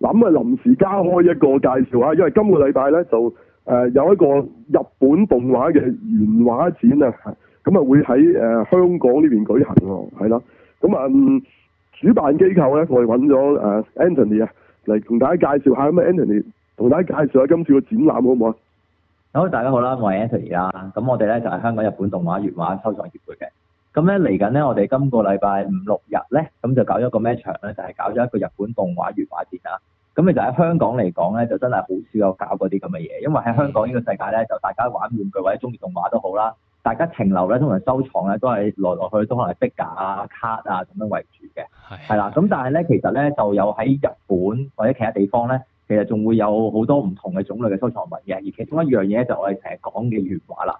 諗啊，臨時加開一個介紹啊，因為今個禮拜咧就誒、呃、有一個日本動畫嘅原畫展啊，咁啊會喺誒、呃、香港呢邊舉行喎，係、啊、咯。咁、嗯、啊，主辦機構咧，我哋揾咗誒 Anthony 啊，嚟同大家介紹下。咁、啊、Anthony，同大家介紹下今次個展覽好唔好啊？好，大家好啦，我係 Anthony 啊。咁我哋咧就係、是、香港日本動畫原畫收藏協會嘅。咁咧嚟緊咧，我哋今個禮拜五六日咧，咁、嗯、就搞咗個咩場咧？就係、是、搞咗一個日本動畫原畫展啊！咁其實喺香港嚟講咧，就真係好少有搞嗰啲咁嘅嘢，因為喺香港呢個世界咧，就大家玩玩具或者中意動畫都好啦，大家停留咧通常收藏咧都可能係來來去去都係 fig 啊、card 啊咁樣為主嘅，係啦。咁但係咧，其實咧就有喺日本或者其他地方咧，其實仲會有好多唔同嘅種類嘅收藏物嘅，而其中一樣嘢就我哋成日講嘅原畫啦。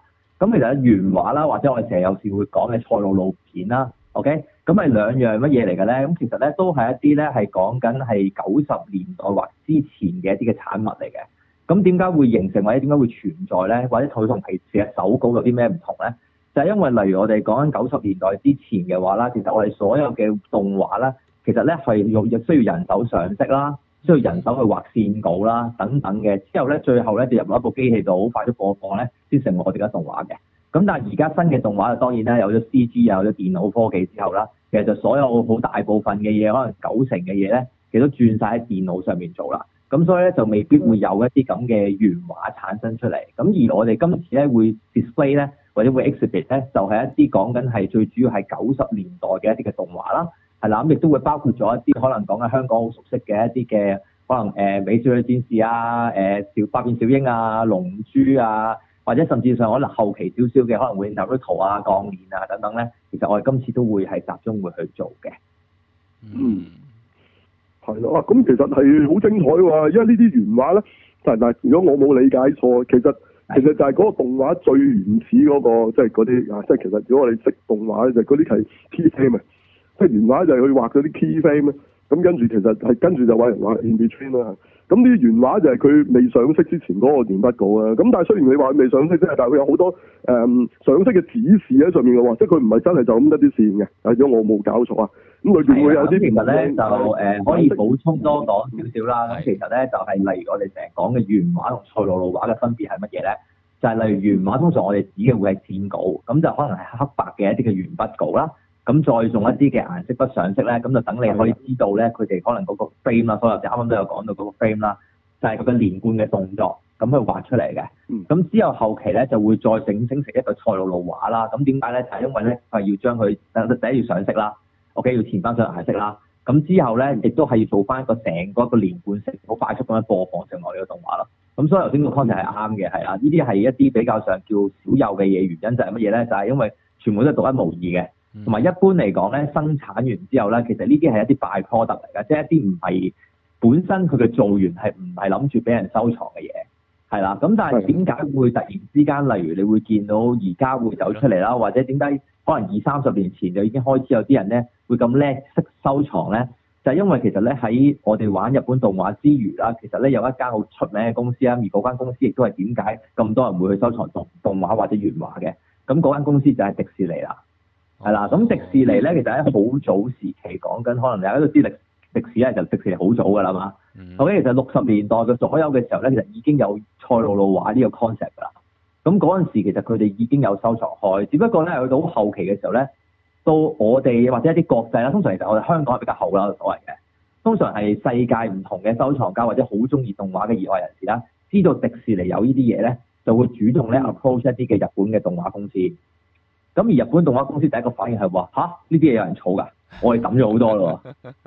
咁其實原畫啦，或者我哋成日有時會講嘅賽璐璐片啦，OK，咁係兩樣乜嘢嚟嘅咧？咁其實咧都係一啲咧係講緊係九十年代或之前嘅一啲嘅產物嚟嘅。咁點解會形成或者點解會存在咧？或者佢同平時嘅手稿有啲咩唔同咧？就係、是、因為例如我哋講緊九十年代之前嘅話啦，其實我哋所有嘅動畫咧，其實咧係用需要人手上色啦。需要人手去畫線稿啦，等等嘅，之後咧，最後咧就入咗一部機器度，好快速播放咧，先成為我哋而家動畫嘅。咁但係而家新嘅動畫，當然啦，有咗 C G，有咗電腦科技之後啦，其實就所有好大部分嘅嘢，可能九成嘅嘢咧，其實都轉晒喺電腦上面做啦。咁所以咧，就未必會有一啲咁嘅原畫產生出嚟。咁而我哋今次咧會 display 咧，或者會 exhibit 咧，就係一啲講緊係最主要係九十年代嘅一啲嘅動畫啦。係啦，亦都會包括咗一啲可能講緊香港好熟悉嘅一啲嘅，可能誒、呃、美少女戰士啊、誒、呃、小百變小櫻啊、龍珠啊，或者甚至上可能後期少少嘅，可能會有圖啊、鋼煉啊等等咧。其實我哋今次都會係集中會去做嘅。嗯，係咯，啊咁其實係好精彩喎，因為話呢啲原畫咧，但係如果我冇理解錯，其實其實就係嗰個動畫最原始嗰、嗰個，即係嗰啲啊，即係其實如果我哋識動畫咧，就嗰啲係 T 即原畫就畫就係佢畫咗啲 key frame 咁，跟住其實係跟住就揾人畫 in between 啦、嗯。咁啲原畫就係佢未上色之前嗰個鉛筆稿啊。咁、嗯、但係雖然你話未上色啫，但係佢有好多誒、嗯、上色嘅指示喺上面嘅喎。即係佢唔係真係就咁一啲線嘅。如果我冇搞錯啊，咁裏邊會有啲其實咧就誒、呃、可以補充多講少少啦。咁的其實咧就係、是、例如我哋成日講嘅原畫同賽璐璐畫嘅分別係乜嘢咧？就係、是、例如原畫通常我哋指嘅會係線稿，咁就可能係黑白嘅一啲嘅鉛筆稿啦。咁、嗯、再用一啲嘅顏色筆上色咧，咁就等你可以知道咧，佢哋可能嗰個 frame 啦、嗯，所以頭先啱啱都有講到嗰個 frame 啦，就係佢嘅連貫嘅動作咁去畫出嚟嘅。咁、嗯、之後後期咧就會再整升成一個賽璐璐畫啦。咁點解咧？就係、是、因為咧係要將佢第一，第一要上色啦，OK 要填翻上顏色啦。咁、嗯、之後咧亦都係要做翻一個成個一個連貫性好快速咁樣播放成個呢個動畫咯。咁所以頭先個 content 係啱嘅，係啦，呢啲係一啲比較上叫少有嘅嘢，原因就係乜嘢咧？就係、是、因為全部都係獨一無二嘅。同埋一般嚟講咧，生產完之後咧，其實呢啲係一啲 by product 嚟噶，即係一啲唔係本身佢嘅做完係唔係諗住俾人收藏嘅嘢，係啦。咁但係點解會突然之間，的例如你會見到而家會走出嚟啦，或者點解可能二三十年前就已經開始有啲人咧會咁叻識收藏咧？就係、是、因為其實咧喺我哋玩日本動畫之餘啦，其實咧有一間好出名嘅公司啦，而嗰間公司亦都係點解咁多人會去收藏動動畫或者原畫嘅。咁嗰間公司就係迪士尼啦。係啦，咁、嗯、迪士尼咧，其實喺好早時期講緊，可能大家都知歷歷史咧，就迪士尼好早㗎啦嘛。所以、嗯、其實六十年代嘅左右嘅時候咧，其實已經有賽璐璐畫呢個 concept 啦。咁嗰陣時其實佢哋已經有收藏開，只不過咧去到後期嘅時候咧，到我哋或者一啲國際啦，通常其實我哋香港係比較後啦，所謂嘅。通常係世界唔同嘅收藏家或者好中意動畫嘅熱愛人士啦，知道迪士尼有呢啲嘢咧，就會主動咧 approach 一啲嘅日本嘅動畫公司。咁而日本動畫公司第一個反應係話嚇，呢啲嘢有人儲㗎？我哋抌咗好多咯，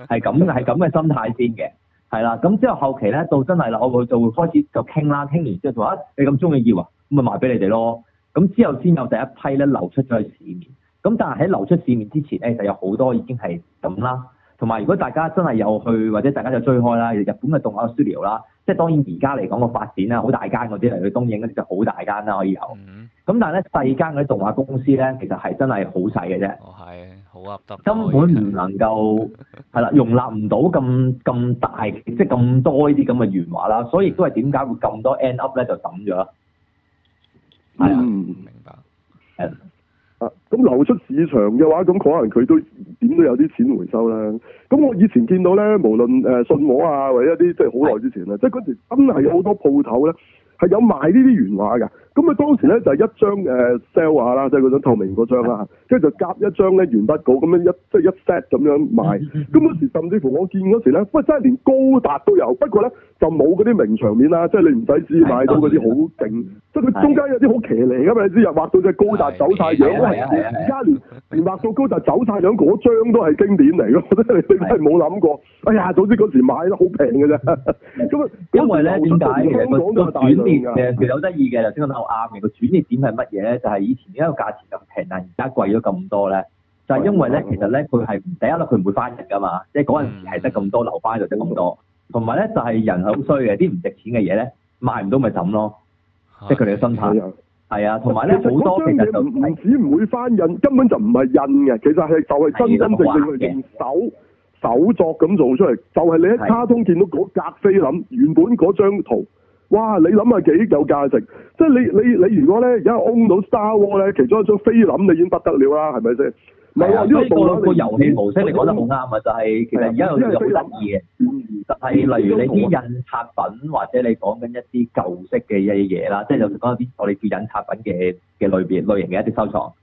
係咁嘅係咁嘅心態先嘅，係啦，咁之後後期咧到真係啦，我會就會開始就傾啦，傾完之後就話，啊，你咁中意要啊，咁咪賣俾你哋咯，咁之後先有第一批咧流出咗去市面，咁但係喺流出市面之前咧就有好多已經係咁啦，同埋如果大家真係有去或者大家就追開啦，日本嘅動畫 studio 啦。即係當然而家嚟講個發展啦，好大間嗰啲嚟到東映嗰啲就好大間啦，可以有。咁、嗯、但係咧細間嗰啲動畫公司咧，其實係真係好細嘅啫。哦，係，好噏得好。根本唔能夠係啦， 容納唔到咁咁大，即係咁多呢啲咁嘅原畫啦。所以亦都係點解會咁多 end up 咧，就揼咗。係啊、嗯，的明白。啊，咁流出市場嘅話，咁可能佢都點都有啲錢回收啦。咁我以前見到咧，無論誒信和啊，或者一啲即係好耐之前啦，是即係嗰時真係有好多鋪頭咧，係有賣呢啲原畫㗎。咁佢當時咧就係、是、一張誒 sell 畫啦，即係嗰種透明嗰張啦，跟住的就夾一張咧原筆稿咁樣一即係一 set 咁樣買。咁嗰、嗯、時甚至乎我見嗰時咧，喂真係連高達都有，不過咧就冇嗰啲名場面啦，即係你唔使知買到嗰啲好勁，的即係佢中間有啲好騎呢，咁樣你知畫到隻高達走曬樣，的連畫到高達走曬樣嗰張都係經典嚟㗎，真 係你真係冇諗過。的哎呀，早知嗰時買得好平嘅啫。咁啊，因為咧點解其實、嗰個轉變其實，其實有得意嘅，阿、啊、銘個轉折點係乜嘢咧？就係、是、以前一個價錢咁平，但係而家貴咗咁多咧，就係、是、因為咧，其實咧佢係第一粒，佢唔會翻印噶嘛，即係嗰陣時係得咁多，留翻就得咁多。同埋咧，就係、是、人係好衰嘅，啲唔值錢嘅嘢咧賣唔到咪抌咯，即係佢哋嘅心態。係啊，同埋咧好多嘅唔止唔會翻印，根本就唔係印嘅，其實係就係真真正正用、啊那個、手手作咁做出嚟，就係、是、你喺卡通見到嗰格菲林原本嗰張圖。哇！你諗下幾有價值？即係你你你如果咧而家 own 到 Star Wars 咧，其中一張菲林你已經不得了啦，係咪先？唔係呢個講到、那個、你個遊戲模式，你講得好啱啊！就係其實而家有啲嘢好得意嘅，就係例如你啲印刷品或者你講緊一啲舊式嘅嘢嘢啦，即係有時講啲我哋叫印刷品嘅嘅類別類型嘅一啲收藏，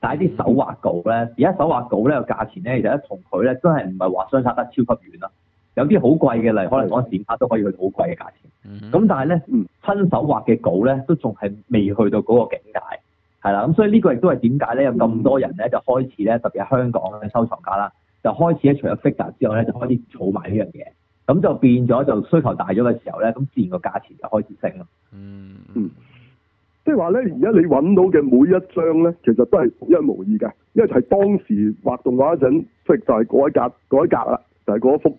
但係啲手畫稿咧，而家手畫稿咧個價錢咧，其實一同佢咧真係唔係話相差得超級遠咯。有啲好貴嘅，例如可能嗰個剪卡都可以去到好貴嘅價錢。咁、mm hmm. 但係咧，親手畫嘅稿咧，都仲係未去到嗰個境界，係啦。咁所以個呢個亦都係點解咧，有咁多人咧就開始咧，特別係香港嘅收藏家啦，就開始除咗 figure 之外咧，就開始儲埋呢樣嘢。咁就變咗就需求大咗嘅時候咧，咁自然個價錢就開始升咯。嗯、mm，hmm. 即係話咧，而家你揾到嘅每一張咧，其實都係一模一樣，因為係當時畫動畫嗰陣，即就係嗰一格，嗰一格啦，就係、是、嗰一幅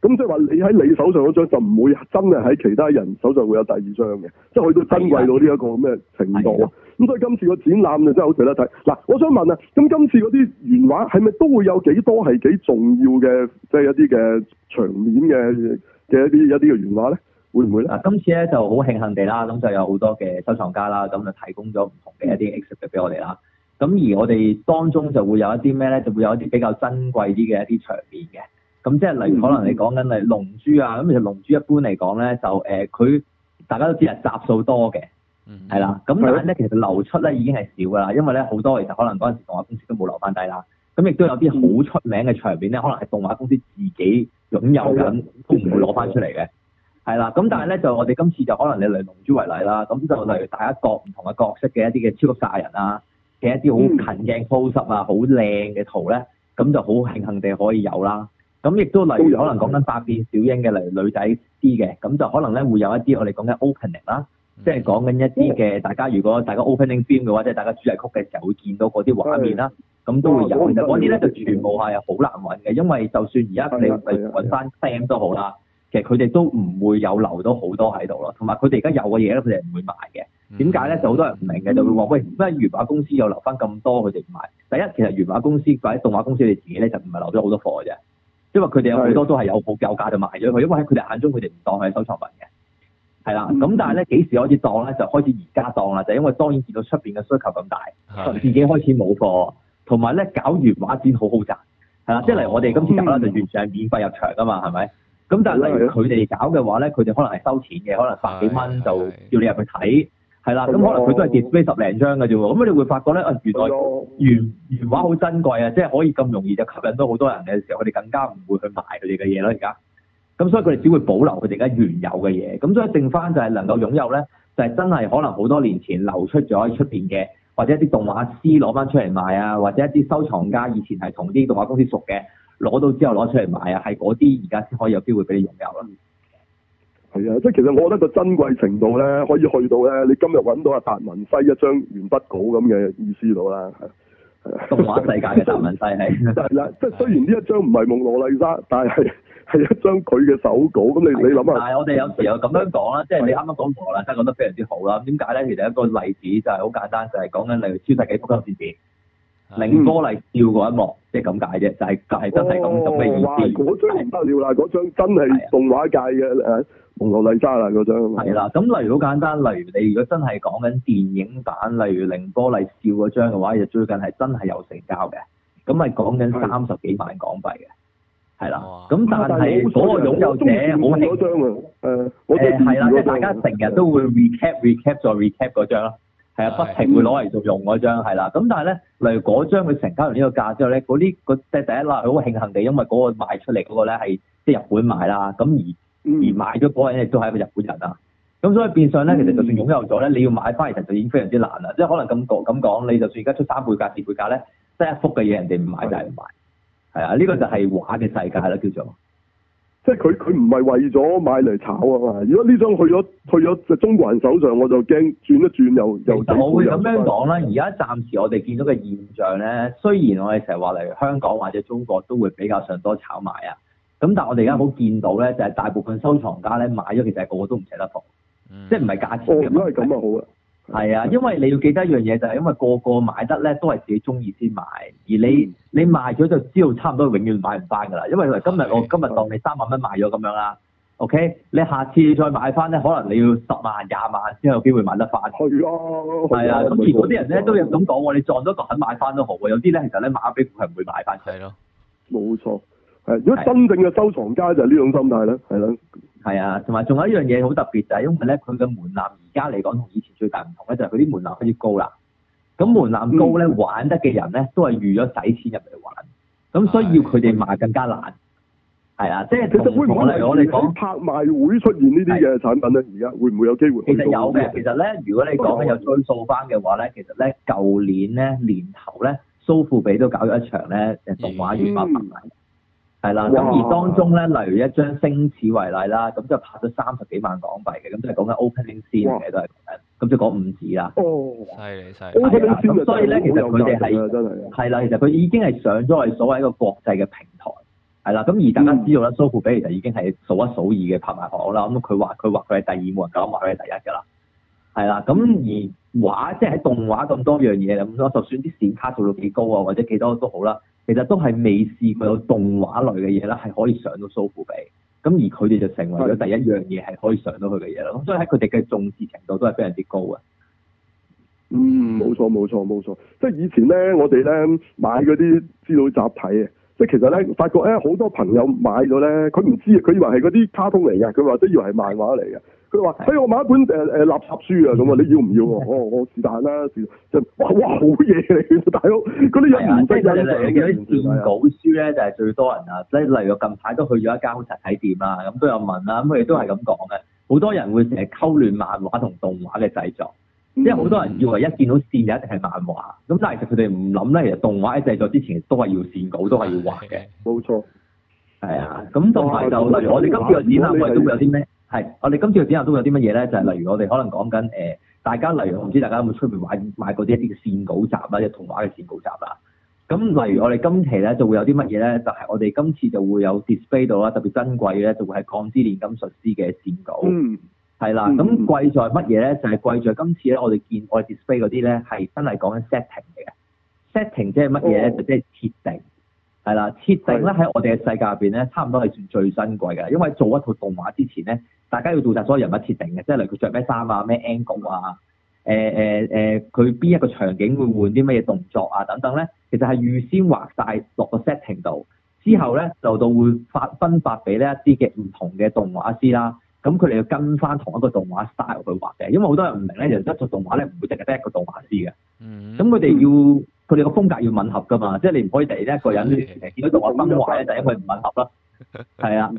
咁即係話你喺你手上嗰張就唔會真係喺其他人手上會有第二張嘅，即係去到珍貴到呢一個咩程度啊？咁所以今次個展覽就真係好值得睇。嗱，我想問啊，咁今次嗰啲原畫係咪都會有幾多係幾重要嘅，即係一啲嘅場面嘅嘅一啲一啲嘅原畫咧？會唔會咧？嗱，今次咧就好慶幸地啦，咁就有好多嘅收藏家啦，咁就提供咗唔同嘅一啲 exclusivity 畀我哋啦。咁而我哋當中就會有一啲咩咧？就會有一啲比較珍貴啲嘅一啲場面嘅。咁即係例如可能你講緊例龍珠啊，咁其實龍珠一般嚟講咧，就誒佢、呃、大家都知係集數多嘅，係啦、嗯嗯嗯。咁但係咧，其實流出咧已經係少㗎啦，因為咧好多其實可能嗰陣時動畫公司都冇留翻低啦。咁亦都有啲好出名嘅場面咧，可能係動畫公司自己擁有咁、嗯嗯、都唔會攞翻出嚟嘅。係啦，咁但係咧就我哋今次就可能嚟龍珠為例啦，咁就例如大家各唔同嘅角色嘅一啲嘅超級殺人啊嘅一啲好近鏡 pose 啊，好靚嘅圖咧，咁、嗯、就好慶幸地可以有啦。咁亦都例如可能講緊百變小英嘅，例如女仔啲嘅，咁就可能咧會有一啲我哋講緊 opening 啦、嗯，即係講緊一啲嘅大家如果大家 opening film 嘅話，即係大家主題曲嘅時候會見到嗰啲畫面啦，咁、嗯、都會有。其實嗰啲咧就全部係好難揾嘅，因為就算而家你係揾翻 sam 都好啦，其實佢哋都唔會有留到好多喺度咯。同埋佢哋而家有嘅嘢咧，佢哋唔會賣嘅。點解咧？就好多人唔明嘅，就會話、嗯、喂，咩原畫公司又留翻咁多佢哋唔賣？第一其實原畫公司或者動畫公司佢哋自己咧就唔係留咗好多貨嘅啫。因為佢哋有好多都係有好價價就賣咗佢，因為喺佢哋眼中佢哋唔當係收藏品嘅，係啦。咁、嗯、但係咧幾時開始當咧？就開始而家當啦，就因為當然見到出邊嘅需求咁大，是的 自己開始冇貨，同埋咧搞原畫展好好賺，係啦。即係嚟我哋今次搞啦、哦、就完全係免費入場㗎嘛，係咪？咁、嗯、但係例如佢哋搞嘅話咧，佢哋可能係收錢嘅，可能十幾蚊就叫你入去睇。係啦，咁、嗯嗯、可能佢都係 display 十零張嘅啫喎，咁、嗯、你會發覺咧啊原來原原畫好珍貴啊，即係可以咁容易就吸引到好多人嘅時候，佢哋更加唔會去賣佢哋嘅嘢啦。而家，咁、嗯、所以佢哋只會保留佢哋而家原有嘅嘢，咁、嗯、所以剩翻就係能夠擁有咧，就係、是、真係可能好多年前流出咗出邊嘅，或者一啲動畫師攞翻出嚟賣啊，或者一啲收藏家以前係同啲動畫公司熟嘅，攞到之後攞出嚟賣啊，係嗰啲而家先可以有機會俾你擁有啦、啊。即係其實我覺得個珍貴程度咧，可以去到咧，你今日揾到阿達文西一張鉛筆稿咁嘅意思到啦。動畫世界嘅達文西係。 啦，即係雖然呢一張唔係蒙羅麗莎，但係係一張佢嘅手稿。咁 你你諗下，但係我哋有時候咁樣講啦，的即係你啱啱講蒙羅麗莎講得非常之好啦。咁點解咧？其實一個例子就係好簡單，就係、是、講緊例如《新世紀福音戰士》，綾波、嗯、麗笑嗰一幕，即係咁解啫。就係就係真係咁咁嘅意思哇！嗰張唔得了啦，嗰對張，張真係動畫界嘅。同羅麗莎嗰張係啦，咁例如好簡單，例如你如果真係講緊電影版，例如綾波麗笑嗰張嘅話，就最近係真係有成交嘅，咁咪講緊三十幾萬港幣嘅，係啦。咁但係嗰個擁有者，我知嗰張啊，誒，我知係啦，即大家成日都會 recap、recap 再 recap 嗰張咯，係啊，不停會攞嚟用用嗰張係啦。咁但係咧，例如嗰張佢成交完呢個價之後咧，嗰啲個即係第一啦，好慶幸地，因為嗰個賣出嚟嗰個咧係即係日本買啦，咁而。而買咗嗰個人亦都係一個日本人啊，咁所以變相咧，嗯、其實就算擁有咗咧，你要買翻嚟就已經非常之難啦，即係可能咁講咁講，你就算而家出三倍價、四倍價咧，得一幅嘅嘢，人哋唔買就係唔買，係啊的，呢、呢個就係畫嘅世界咯，叫做。即係佢佢唔係為咗買嚟炒啊，嘛。如果呢張去咗去咗中國人手上，我就驚轉一轉又又。我會咁樣講啦，而家暫時我哋見到嘅現象咧，雖然我哋成日話嚟香港或者中國都會比較上多炒賣啊。咁但係我哋而家好見到咧，就係大部分收藏家咧買咗，其實係個個都唔捨得放，即係唔係價錢嘅問題。哦，咁啊，好啦。係啊，因為你要記得一樣嘢，就係因為個個買得咧都係自己中意先買，而你你賣咗就知道差唔多永遠買唔翻㗎啦。因為今日我今日當你三萬蚊買咗咁樣啦，OK？你下次再買翻咧，可能你要十萬、廿萬先有機會買得翻。係啊。係啊，咁如果啲人咧都有咁講喎，你撞咗一個肯買翻都好喎，有啲咧其實咧賣咗俾佢係唔會買翻。係咯。冇錯。如果真正嘅收藏家就係呢種心態啦，係啦，係啊，同埋仲有一樣嘢好特別就係，因為咧佢嘅門檻而家嚟講同以前最大唔同咧，就係佢啲門檻開始高啦。咁門檻高咧，嗯、玩得嘅人咧都係預咗使錢入嚟玩，咁、嗯、所以要佢哋買更加難。係、嗯、啊，即係其實會唔會我哋講拍賣會出現呢啲嘅產品咧？而家是會唔會有機會其有？其實有嘅，其實咧，如果你講嘅有追溯翻嘅話咧，其實咧舊年咧年頭咧蘇富比都搞咗一場咧誒動畫原畫拍賣。嗯係啦，咁而當中咧，例如一張星矢為例啦，咁就拍咗三十幾萬港幣嘅，咁都係講緊 opening scene 嘅都係，咁即係講五字啦。哦，犀利犀利。所以咧，其實佢哋係係啦，其實佢已經係上咗嚟所謂一個國際嘅平台，係啦。咁而大家知道咧，蘇富比其實已經係數一數二嘅拍賣行啦。咁佢話佢話佢係第二冇人敢話佢係第一㗎啦。係啦，咁而畫即係喺動畫咁多樣嘢咁，就算啲閃卡做到幾高啊，或者幾多都好啦。其實都係未試過有動畫類嘅嘢啦，係可以上到蘇富比，咁而佢哋就成為咗第一樣嘢係可以上到佢嘅嘢咯，所以喺佢哋嘅重視程度都係非常之高嘅。嗯，冇錯冇錯冇錯，即係以前咧，我哋咧買嗰啲資料集體啊，即係其實咧發覺咧好多朋友買咗咧，佢唔知佢以為係嗰啲卡通嚟嘅，佢話都以為係漫畫嚟嘅。佢話：哎、欸，我買一本誒誒垃圾書啊，咁啊，你要唔要？嗯、哦，我是但啦，是就哇哇好嘢嚟，大佬嗰啲有唔得欣賞嘅。啲線稿書咧就係最多人啊，即係對例如近排都去咗一間好實體店啦，咁都有問啦，咁佢哋都係咁講嘅。好多人會成日溝亂漫畫同動畫嘅製作，因為好多人以為一見到線就一定係漫畫，咁但係其實佢哋唔諗咧，其實動畫喺製作之前都係要線稿，都係要畫嘅。冇錯。係啊、就是，咁同埋就例如我哋今次嘅展覽，佢都會有啲咩？係，我哋今次嘅展覽中有啲乜嘢咧？就係、是、例如我哋可能講緊，誒，大家例如唔知大家有冇出面買買過啲一啲嘅線稿集啦，或者童話嘅線稿集啦。咁例如我哋今期咧就會有啲乜嘢咧？就係、是、我哋今次就會有 display 到啦，特別珍貴嘅咧就會係鋼之煉金術師嘅線稿。嗯，係啦，咁貴在乜嘢咧？就係、是、貴在今次咧，我哋見我哋 display 嗰啲咧係真係講緊 setting 嚟嘅。setting 即係乜嘢？就即係設定。設定係啦，設定咧喺我哋嘅世界入邊咧，差唔多係算最珍貴嘅。因為做一套動畫之前咧，大家要做晒所有人物設定嘅，即係例如佢着咩衫啊、咩 Angle 啊、誒誒誒，佢、呃、邊、呃、一個場景會換啲乜嘢動作啊等等咧，其實係預先畫晒落個 setting 度，之後咧就到會發分發俾呢一啲嘅唔同嘅動畫師啦。咁佢哋要跟翻同一個動畫 style 去畫嘅，因為好多人唔明咧，人、就是、一套動畫咧唔會淨係得一個動畫師嘅。嗯，咁佢哋要。佢哋個風格要吻合噶嘛，即係你唔可以突然一個人見到同我分化咧，就因為唔吻合咯。係啊，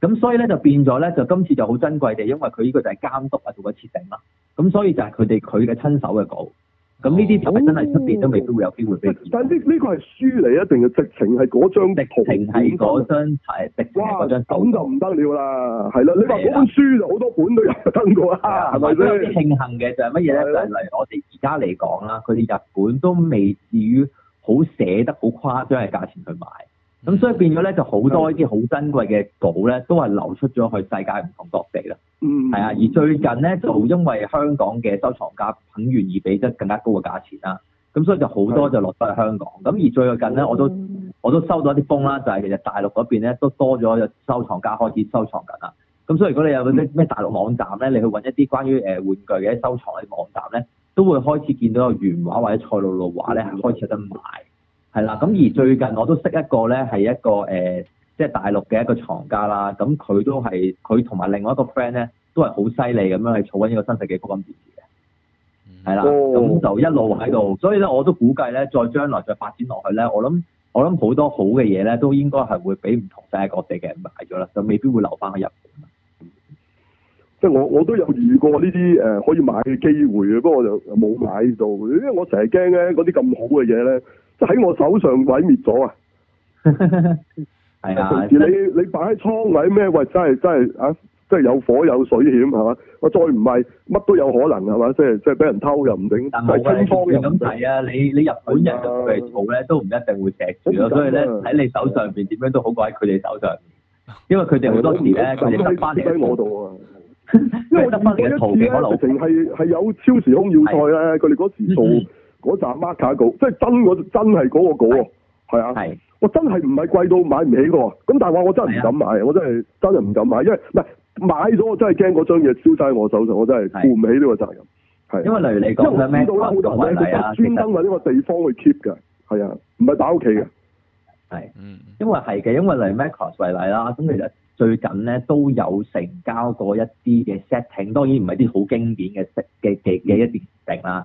咁所以咧就變咗咧，就今次就好珍貴地，因為佢呢個就係監督啊，做個設定啦。咁所以就係佢哋佢嘅親手嘅稿。咁呢啲真係真係出邊都未必會有機會俾哇到。但呢呢個係書嚟，一定要直情係嗰張直情，係嗰張係的。哇的！咁就唔得了啦，係啦，你話本書就好多本都有登過啦，係咪先？啊、的有慶幸嘅就係乜嘢咧？的就係例如我哋而家嚟講啦，佢哋日本都未至於好捨得好誇張嘅價錢去買。咁、嗯、所以變咗咧，就好多呢啲好珍貴嘅稿咧，都係流出咗去世界唔同各地啦。嗯。係啊，而最近咧，就因為香港嘅收藏家肯願意俾得更加高嘅價錢啦，咁所以就好多就落翻去香港。咁、嗯、而最近咧，我都我都收到一啲風啦，就係、是、其實大陸嗰邊咧都多咗收藏家開始收藏緊啦。咁所以如果你有嗰啲咩大陸網站咧，你去揾一啲關於誒玩具嘅收藏嘅網站咧，都會開始見到有原畫或者賽璐璐畫咧開始有得賣。係啦，咁而最近我都識一個咧，係一個誒、呃，即係大陸嘅一個藏家啦。咁佢都係佢同埋另外一個 friend 咧，都係好犀利咁樣去儲緊呢個新世紀福音戰士嘅。係啦，咁就一路喺度，所以咧我都估計咧，再將來再發展落去咧，我諗我諗好多好嘅嘢咧，都應該係會俾唔同世界各地嘅人買咗啦，就未必會留翻喺日本。即係我我都有遇過呢啲誒可以買嘅機會嘅，不過就冇買到，因為我成日驚咧嗰啲咁好嘅嘢咧。喺我手上毀滅咗啊！係啊，你你擺喺倉位咩？喂，真係真係啊！真係有火有水險係嘛？我再唔係乜都有可能係嘛？即係即係俾人偷又唔定，但喺倉入邊咁係啊！你你日本人咁嚟儲咧，都唔一定會踢住咯。所以咧，喺你手上邊點樣都好過喺佢哋手上。因為佢哋好多時咧，佢哋得翻嚟過到啊。因為得翻你多次咧，直情係係有超時空要塞啊。佢哋嗰時做。嗰扎 Macau 稿，即係真，真係嗰個稿喎，係是啊，我真係唔係貴到買唔起個喎，咁但係話我真係唔敢買，我真係真係唔敢買，因為唔係買咗我真係驚嗰張嘢燒曬喺我手上，我真係負唔起呢個責任，係、啊、因為例如你講，因為知道啦，好多嘢專登喺呢個地方去 keep 嘅，係實啊，唔係打屋企嘅，係，嗯，因為係嘅，因為例如 Macau 為例啦，咁其實最近咧都有成交過一啲嘅 setting，當然唔係啲好經典嘅 s 嘅嘅嘅一啲設定啦。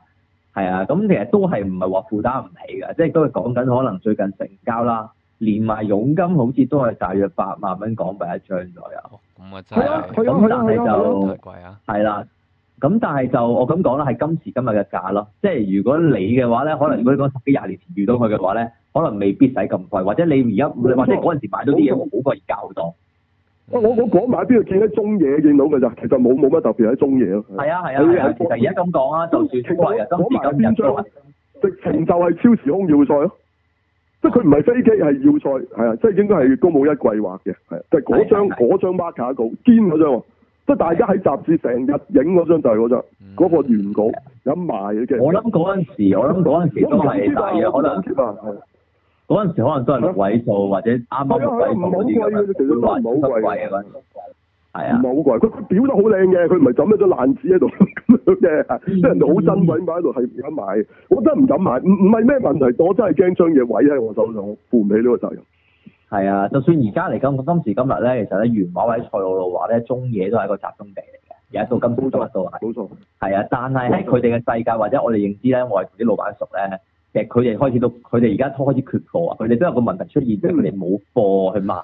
係啊，咁其實都係唔係話負擔唔起㗎，即係都係講緊可能最近成交啦，連埋佣金好似都係大約八萬蚊港幣一張左右。咁 啊真係，咁、啊啊啊、但係就係貴、啊啊啊啊、啦，咁但係就我咁講啦，係今時今日嘅價咯，即係如果你嘅話咧，可能如果你講十幾廿年前遇到佢嘅話咧，可能未必使咁貴，或者你而家錯或者嗰陣時買通我多啲嘢，好過而家好我我講埋喺邊度見，喺中野，見到噶咋，其實冇冇乜特別，喺中野咯。係啊係啊，你唔使咁講啊，就住我講埋邊張，直情就係超時空要塞咯，即係佢唔係飛機係要塞，係啊，即係應該係月高冇一季畫嘅，係，就係嗰張嗰張 marker 稿，堅嗰張，即係大家喺雜誌成日影嗰張就係嗰張，嗰個原稿有埋嘅。我諗嗰陣時，我諗嗰陣時都係大嘅，好正。嗰陣時可能都係六位數或者啱啱六位咁樣子嘅，唔係好貴嘅，其實唔係好貴嘅，係啊，唔係好貴。佢佢表得好靚嘅，佢唔係就咩都爛紙喺度咁樣嘅，即係人哋好珍貴擺喺度係唔敢買，我真係唔敢買，唔唔係咩問題，我真係驚將嘢毀喺我手上，我負唔起呢個責任。係啊，就算而家嚟講，今時今日咧，其實咧，原畫或者賽璐珞畫咧，中野都係一個集中地嚟嘅，而家到金鋪度度係，冇錯。啊，但係喺佢哋嘅世界或者我哋認知咧，我係同啲老闆熟咧。其實佢哋開始都，佢哋而家都開始缺貨啊！佢哋都有個問題出現，即係佢哋冇貨去賣。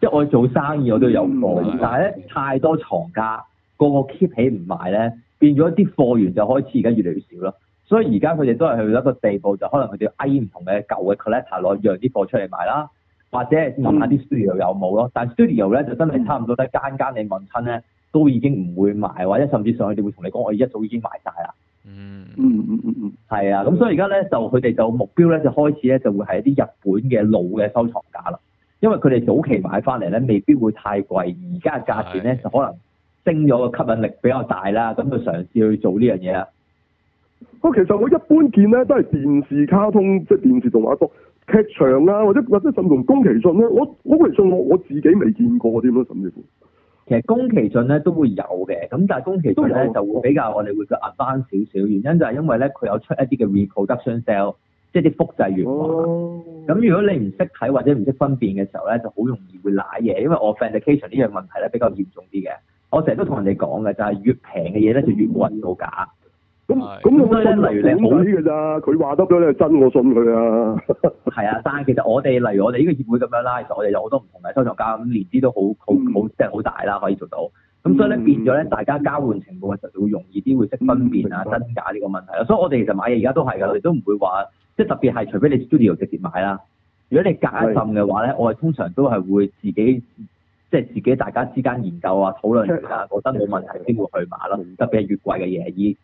即係我做生意，我都有貨，但係咧，太多藏家個個 keep 起唔賣咧，變咗啲貨源就開始而家越嚟越少咯。所以而家佢哋都係去到一個地步，就可能佢哋要 A 唔同嘅舊嘅 collector 攞樣啲貨出嚟賣啦，或者揾下啲 studio 有冇咯。但 studio 咧就真係差唔多得間間你問親咧，都已經唔會賣，或者甚至上佢哋會同你講：我一早已經賣晒啦。嗯嗯嗯嗯嗯，係、嗯嗯、啊，咁所以而家咧就佢哋就目標咧就開始咧就會係一啲日本嘅老嘅收藏家啦，因為佢哋早期買返嚟咧未必會太貴，而家嘅價錢咧的就可能升咗個吸引力比較大啦，咁就嘗試去做呢樣嘢啦。咁其實我一般見咧都係電視卡通，即、就、係、是、電視動畫片、劇場啊，或者或者甚至宮崎駿咧，我宮崎駿我我，我自己未見過啲咯，甚至乎。其實宮崎駿咧都會有嘅，咁但係宮崎駿咧就會比較我哋會 advance 少少，原因就係因為咧佢有出一啲嘅 reproduction sale，即係啲複製原畫。咁、哦、如果你唔識睇或者唔識分辨嘅時候咧，就好容易會揦嘢，因為我 authentication 呢樣問題咧比較嚴重啲嘅。我成日都同人哋講嘅就係、是、越平嘅嘢咧就越揾到假。嗯咁咁我冇假嘅咋？佢話得咗咧，真我信佢啊。係啊，但係其實我哋例如我哋呢個協會咁樣啦，其實我哋有好多唔同嘅收藏家，咁年資都好好、嗯、好，即係好、就是、大啦，可以做到。咁所以咧、嗯、變咗咧，大家交換情報嘅時候就會容易啲，會識分辨啊、嗯、真假呢個問題啦。所以我哋其實買嘢而家都係㗎，我哋都唔會話，即係特別係除非你 studio 直接買啦。如果你隔一陣嘅話咧，的我哋通常都係會自己即係自己大家之間研究啊討論嚟啦，覺得冇問題先會去買咯。白特別係越貴嘅嘢以。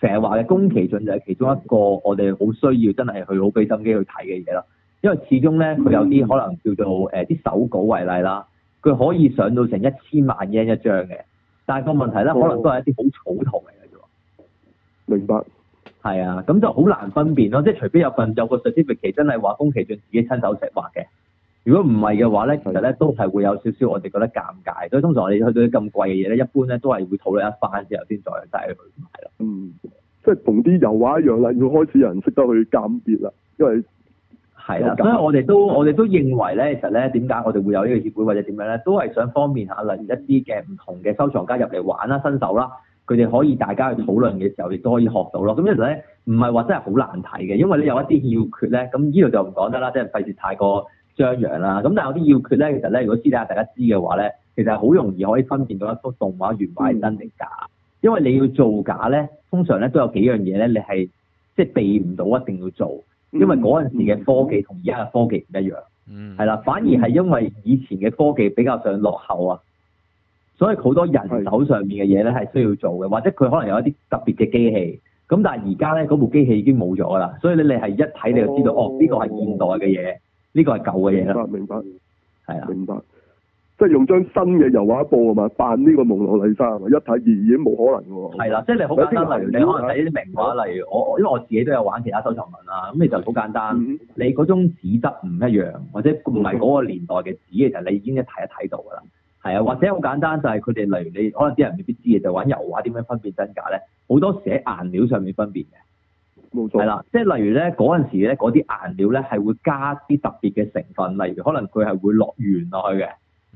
成日話嘅宮崎駿就係其中一個我哋好需要真係去好畀心機去睇嘅嘢咯，因為始終咧佢有啲可能叫做誒啲、呃、手稿為例啦，佢可以上到成一千萬 yen 一張嘅，但係個問題咧可能都係一啲好草圖嚟嘅啫。明白。係啊，咁就好難分辨咯，即係除非有份有個 certificate 真係話宮崎駿自己親手寫畫嘅。如果唔係嘅話咧，其實咧的都係會有少少我哋覺得尷尬，所以通常我哋去到啲咁貴嘅嘢咧，一般咧都係會討論一番之後先再帶去買咯。嗯，即係同啲油畫一樣啦，要開始有人識得去鑑別啦，因為係啦，的所以我哋都的我哋都認為咧，其實咧點解我哋會有呢個協會或者點樣咧，都係想方便一下例如一啲嘅唔同嘅收藏家入嚟玩啦、新手啦，佢哋可以大家去討論嘅時候，亦都可以學到咯。咁、嗯、其實咧唔係話真係好難睇嘅，因為你有一啲要缺咧，咁呢度就唔講得啦，即係費事太過張揚啦，咁但係有啲要訣咧。其實咧，如果私底下大家知嘅話咧，其實好容易可以分辨到一幅動畫原畫係真定假。嗯、因為你要做假咧，通常咧都有幾樣嘢咧，你係即係避唔到一定要做，因為嗰陣時嘅科技同而家嘅科技唔一樣，嗯、係啦。反而係因為以前嘅科技比較上落後啊，所以好多人手上面嘅嘢咧係需要做嘅，的或者佢可能有一啲特別嘅機器。咁但係而家咧嗰部機器已經冇咗啦，所以咧你係一睇你就知道，哦，呢個係現代嘅嘢。呢個係舊嘅嘢啦，明白，係啊，明白，的即係用張新嘅油畫布係嘛？扮呢個蒙羅麗莎係嘛？一睇二看已經冇可能㗎喎。係啦，即係你好簡單，例如以你可能睇啲名畫，啊、例如我，因為我自己都有玩其他收藏文啦，咁你就好簡單，嗯、哼你嗰種紙質唔一樣，或者唔係嗰個年代嘅紙嘅時、嗯、哼你已經看一睇一睇到㗎啦。係啊，或者好簡單就係佢哋例如你可能啲人未必知嘅，就是、玩油畫點樣分辨真假咧？好多寫顏料上面分辨嘅。冇錯，係啦，即係例如咧，嗰陣時咧，嗰啲顏料咧係會加啲特別嘅成分，例如可能佢係會落鉛落去嘅。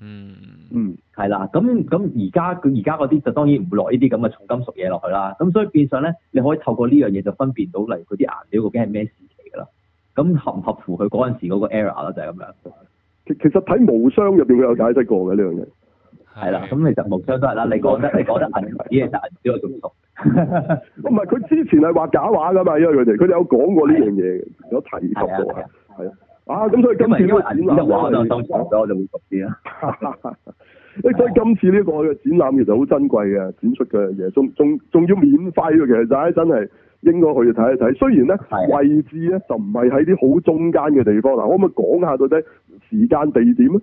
嗯嗯，係啦，咁咁而家佢而家嗰啲就當然唔會落呢啲咁嘅重金屬嘢落去啦。咁所以變相咧，你可以透過呢樣嘢就分辨到，例如佢啲顏料究竟係咩時期嘅啦。咁合唔合乎佢嗰陣時嗰個 era 啦，就係、是、咁樣。其其實睇無雙入邊佢有解釋過嘅呢、嗯、樣嘢。係啦，咁其實目標都係啦，你講得你講得，阿 的子嘢就只係讀唔讀？唔係佢之前係畫假畫噶嘛，因為佢哋佢哋有講過呢樣嘢，的有提及過，係的的啊，啊咁所以今次呢個展覽，啊、就多咗，就多啲啦。所以今次呢個展覽其實好珍貴嘅，展出嘅嘢仲仲仲要免費嘅，其實真係應該去睇一睇。雖然咧的位置咧就唔係喺啲好中間嘅地方，嗱，可唔可以講下到底時間地點咧？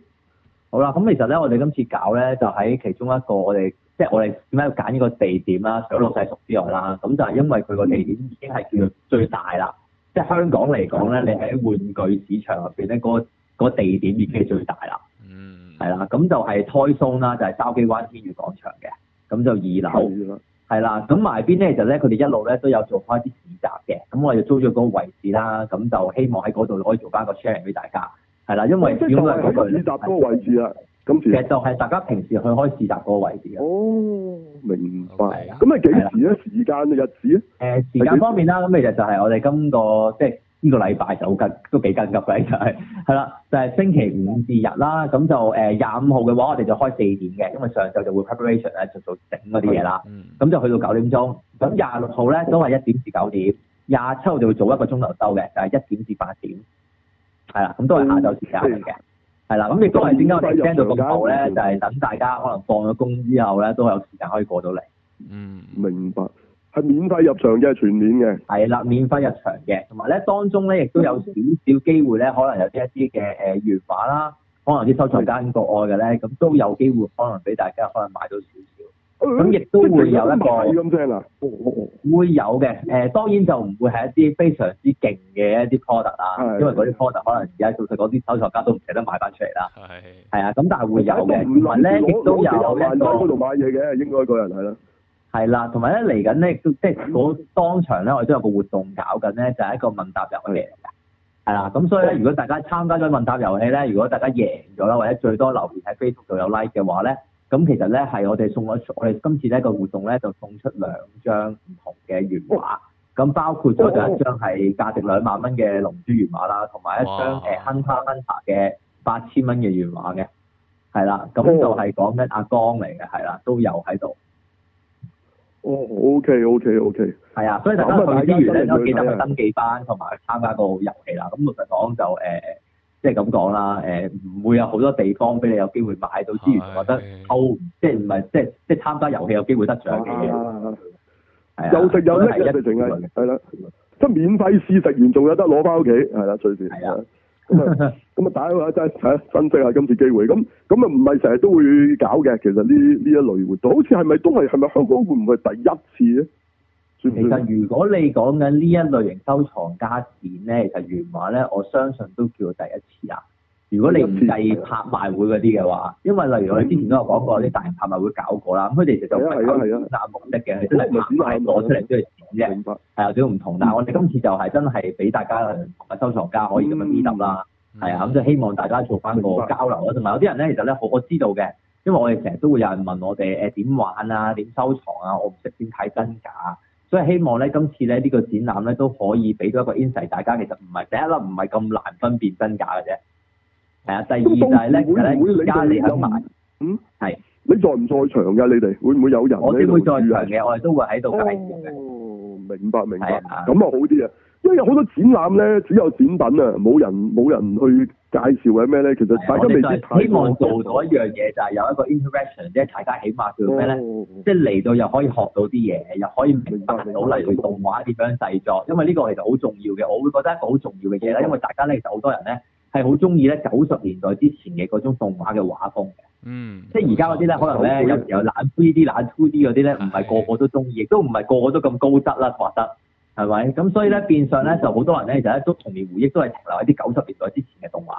好啦，咁、嗯、其實咧，我哋今次搞咧，就喺其中一個我哋，即係我哋點解要揀呢個地點啦，除咗老細熟之外啦，咁就係因為佢個地點已經係最大啦，即係香港嚟講咧，你喺玩具市場入邊咧，嗰個地點已經係最大、嗯、啦。嗯。係啦，咁就係胎松啦，就係筲箕灣天宇廣場嘅，咁就二樓。係咯好。係啦，咁埋邊咧，其實咧，佢哋一路咧都有做開啲市集嘅，咁我就租咗個位置啦，咁就希望喺嗰度可以做翻個 share 俾大家。係啦，因為、那個，即就係市集嗰個位置啊。咁其實就係大家平時去開市集嗰個位置。哦，明白。咁係幾時咧？的時間嘅日子咧？誒、呃，時間方面啦，咁其實就係我哋今個即係呢個禮拜就好緊，都幾緊急嘅，就係係啦，就係、是、星期五至日啦。咁就誒廿五號嘅話，我哋就開四點嘅，因為上晝就會 preparation 啊，做做整嗰啲嘢啦。咁的就去到九點鐘。咁廿六號咧都係一點至九點。廿七號就會早一個鐘頭收嘅，就係、是、一點至八點。係啦，咁都係下晝時間嚟嘅，係啦，咁亦都係點解我哋傾到咁好咧，就係等大家可能放咗工之後咧，都有時間可以過到嚟。嗯，明白了。係免費入場嘅，即係全年嘅。係啦，免費入場嘅，同埋咧當中咧亦都有少少機會咧，可能有啲一啲嘅誒原畫啦，可能啲收藏家喺國外嘅咧，咁的都有機會可能俾大家可能買到少少。咁亦都會有一個，會有嘅。誒，當然就唔會係一啲非常之勁嘅一啲 product 啦，因為嗰啲 product 可能而家，做實嗰啲收藏家都唔捨得買翻出嚟啦。係係啊，咁但係會有嘅。五萬咧，亦拿都有喺度買嘢嘅，應該個人係啦。係啦，同埋咧，嚟緊咧即係嗰當場咧，我哋都有個活動搞緊咧，就係、是、一個問答遊戲嚟嘅。係啦的，咁所以咧，哇如果大家參加咗問答遊戲咧，如果大家贏咗啦，或者最多留言喺 Facebook 度有 like 嘅話咧。咁其實咧係我哋送咗，我哋今次呢個活動咧就送出兩張唔同嘅原畫，咁、哦哦、包括咗就一張係價值兩萬蚊嘅龍珠原畫啦，同埋哇一張誒 Hunter Hunter 嘅八千蚊嘅原畫嘅，係啦，咁就係講緊阿江嚟嘅，係啦，都有喺度。哦，OK OK OK。係啊，所以大家去到嗰陣咧都記得去登記翻同埋參加個遊戲啦。咁其實講就誒。即係咁講啦，誒、欸、唔會有好多地方俾你有機會買到資源，之餘覺得抽 即係唔係即係即係參加遊戲有機會得獎嘅嘢，係、 啊啊、又食又拎嘅就淨啦，即係免費試食完仲有得攞翻屋企，係啦隨時係啊，咁啊咁啊，了 大家真係誒珍惜下今次機會，咁咁啊唔係成日都會搞嘅。其實呢呢一類活動，好似係咪都係係咪香港會唔會第一次咧？其實如果你講緊呢一類型收藏家展咧，其實原畫咧，我相信都叫第一次啊。如果你唔計拍賣會嗰啲嘅話，因為例如我之前都有講過啲大型拍賣會搞過啦，咁佢哋其實就係求資產目的嘅，真嚟賣攞出嚟都係錢啫，係有少少唔同。但係我哋今次就係真係俾大家同嘅收藏家可以咁樣彌合啦，係啊，咁就希望大家做翻個交流啦。同埋有啲人咧，其實咧我我知道嘅，因為我哋成日都會有人問我哋誒點玩啊、點收藏啊，我唔識點睇真假。所以希望咧，今次咧呢個展覽咧都可以俾到一個 insight，大家其實唔係第一粒唔係咁難分辨真假嘅啫。係啊，第二就係咧，會唔會你哋有埋？嗯，係。你在唔在場噶？你哋會唔會有人？我哋會在場嘅，我哋都會喺度介紹嘅。哦，明白明白，咁啊好啲啊。所以有好多展覽咧，主要有展品啊，冇人冇人去介紹嘅咩咧？其實大家未必睇。希望做到一樣嘢就係有一個 interaction，即係大家起碼叫咩咧？哦哦、即係嚟到又可以學到啲嘢，又可以明白到白例如動畫點樣製作，因為呢個其實好重要嘅。我會覺得一個好重要嘅嘢咧，哦、因為大家咧其實好多人咧係好中意咧九十年代之前嘅嗰種動畫嘅畫風嘅。嗯。即係而家嗰啲咧，可能咧、嗯、有時候冷灰啲、冷灰啲嗰啲咧，唔係、嗯、個個都中意，亦都唔係個個都咁高質啦，覺得。係咪？咁所以咧，變相咧、嗯、就好多人咧就喺都童年回憶都係停留喺啲九十年代之前嘅動畫。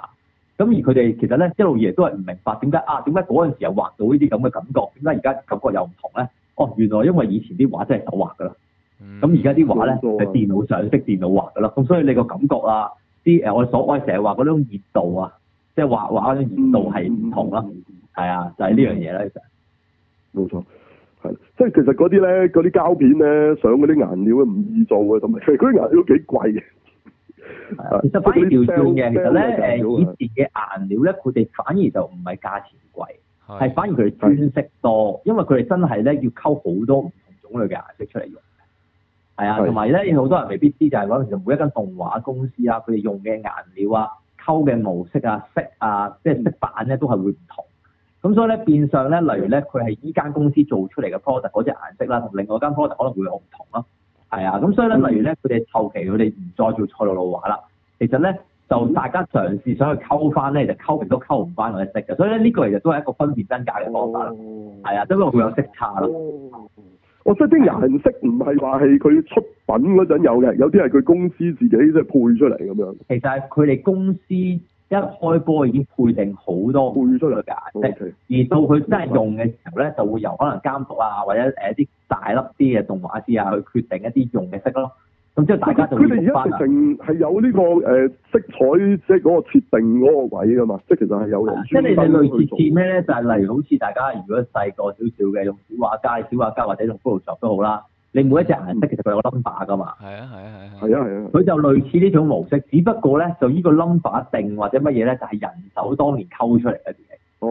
咁而佢哋其實咧一路以來都係唔明白點解啊？點解嗰陣時又畫到呢啲咁嘅感覺？點解而家感覺又唔同咧？哦，原來因為以前啲畫真係手畫噶啦。咁而家啲畫咧、啊、就電腦上，即係電腦畫噶啦。咁所以你個感覺啊，啲誒我所我成日話嗰種熱度啊，即、就、係、是、畫畫嗰種熱度係唔同啦。係、嗯嗯嗯嗯、啊，就係呢樣嘢咧就冇同。嗯係，即係其實嗰啲咧，啲膠片咧，上嗰啲顏料咧唔易做嘅，咁其實啲顏料都幾貴嘅。係，不過啲 sell 其實咧，以前嘅顏料咧，佢哋反而就唔係價錢貴，係反而佢哋專色多，因為佢哋真係咧要溝好多唔同種類嘅顏色出嚟用。係啊，同埋咧，好多人未必知就係講其實每一間動畫公司啊，佢哋用嘅顏料啊、溝嘅模式啊、色啊，即係色板咧都係會唔同。咁所以咧，變相咧，例如咧，佢係依間公司做出嚟嘅 product 嗰隻顏色啦，同另外一間 product 可能會好唔同咯。係啊，咁所以咧，例如咧，佢哋後期佢哋唔再做菜綠綠話啦。其實咧，就大家嘗試想去溝翻咧，就溝極都溝唔翻嗰隻色嘅。所以咧，呢個其實都係一個分辨真假嘅方法啦。係、哦、啊，因為佢有色差咯。我即係啲顏色唔係話係佢出品嗰陣有嘅，有啲係佢公司自己即係配出嚟咁樣。其實係佢哋公司。一開波已經配定好多配出嚟嘅顏色，Okay. 而到佢真係用嘅時候咧， 就會由可能監督啊，或者一啲大粒啲嘅動畫師啊去決定一啲用嘅色咯。咁之後大家就用翻啦。佢哋而家定係有呢個誒色彩即係嗰個設定嗰個位啊嘛，即係其實係有嚟。即係、 就是、你哋類似似咩咧？ 就係例如好似大家如果細個少少嘅用小畫家、小畫家或者用 Photoshop 都好啦。你每一隻顏色其實佢有個 number 噶嘛？係啊係啊係啊！係啊，係啊。佢就類似呢種模式，只不過咧就依個 number 定或者乜嘢咧，就係人手當年溝出嚟嘅。哦，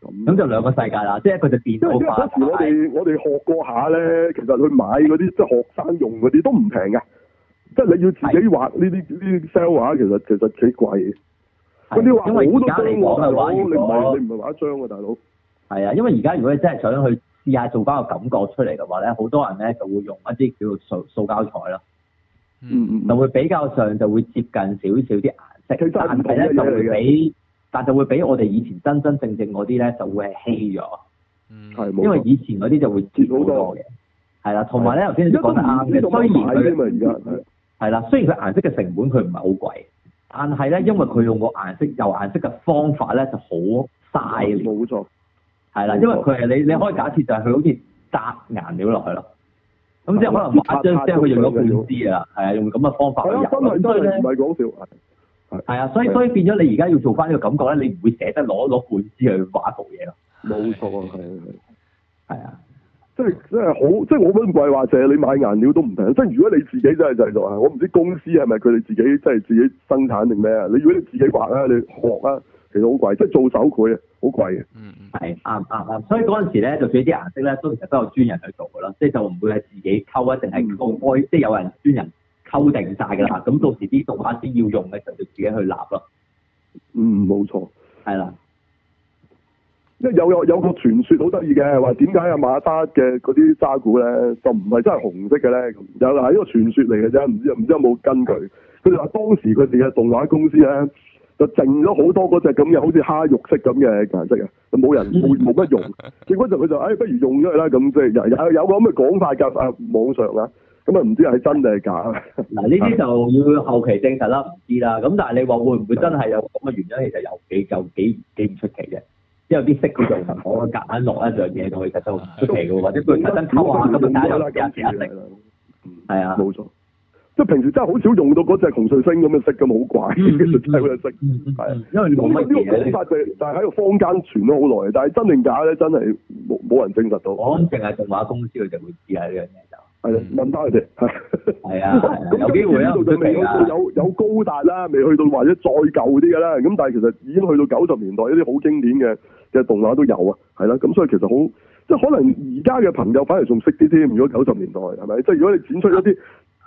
咁咁就兩個世界啦，即係佢就變咗。因為有時我哋我哋學過下咧，其實去買嗰啲即係學生用嗰啲都唔平嘅，即係你要自己畫呢啲呢啲 cel 畫，其實其實幾貴嘅。嗰啲畫好多張，我畫，你唔係你唔係畫一張啊，大佬。係啊，因為而家如果你真係想去。試下做翻個感覺出嚟嘅話咧，好多人咧就會用一啲叫做塑塑膠彩咯、嗯。嗯嗯，就會比較上就會接近少少啲顏色，但係咧就會比但就會比我哋以前真真正正嗰啲咧就會係稀咗。嗯，係因為以前嗰啲就會跌好多嘅。係啦、嗯，同埋咧頭先你都講得啱嘅。係啦，雖然佢顏色嘅成本佢唔係好貴，但係咧因為佢用個顏色、油顏色嘅方法咧就好嘥。冇錯。係啦，因為佢係你，你可以假設就係佢好似揸顏料落去咯，咁即係可能畫一張，即係佢用咗半支啊，係啊，用咁嘅方法。分唔係講笑，所以所以變咗你而家要做翻呢個感覺咧，你唔會捨得攞攞半支去畫一幅嘢咯。冇錯，係係啊，即係即係好，即係我唔係話成日你買顏料都唔平。即係如果你自己真係製作啊，我唔知公司係咪佢哋自己即係自己生產定咩啊？如果你自己畫啊，你學啊。好貴，即係做手繪啊，好貴嘅。嗯，係啱啱啱，所以嗰陣時咧，就算啲顏色咧，都其實都有專人去做噶啦，即係就唔會係自己溝啊，定係唔該，即係有人專人溝定晒噶啦。咁到時啲動畫師要用嘅時候，就自己去立咯。嗯，冇錯。係啦的，即係有有有個傳說好得意嘅，話點解阿馬沙嘅嗰啲渣古咧，就唔係真係紅色嘅咧？有嗱，呢個傳說嚟嘅啫，唔知唔知有冇根據？佢哋話當時佢哋嘅動畫公司咧。就剩咗好多嗰隻咁嘅，好似蝦肉色咁嘅顏色啊，冇人冇冇乜用。結果就佢就，哎，不如用咗啦咁，即係有有咁嘅講法㗎啊網上啦，咁啊唔知係真定係假。嗱呢啲就要後期證實啦，唔知啦。咁但係你話會唔會真係有咁嘅原因？其實有幾就幾幾唔出奇嘅，因為啲識做嘅人可能夾硬落一樣嘢度，其實都出奇嘅，嗯、或者佢特登偷下咁啊，加咗啲力。係啊，冇錯。即係平時真係好少用到嗰隻紅巨星咁樣色，咁好怪，係佢哋識。係啊，因為呢個講法就係喺個坊間傳咗好耐，但係真定假咧，真係冇冇人證實到。我諗淨係動畫公司佢就會知啊呢樣嘢就係啦，問返佢哋係係啊，係有機會啊。有有高達啦，未去到或者再舊啲㗎啦。咁但係其實已經去到九十年代一啲好經典嘅嘅動畫都有啊。係啦，咁所以其實好即係可能而家嘅朋友反而仲識啲添。如果九十年代係咪？即係如果你展出一啲。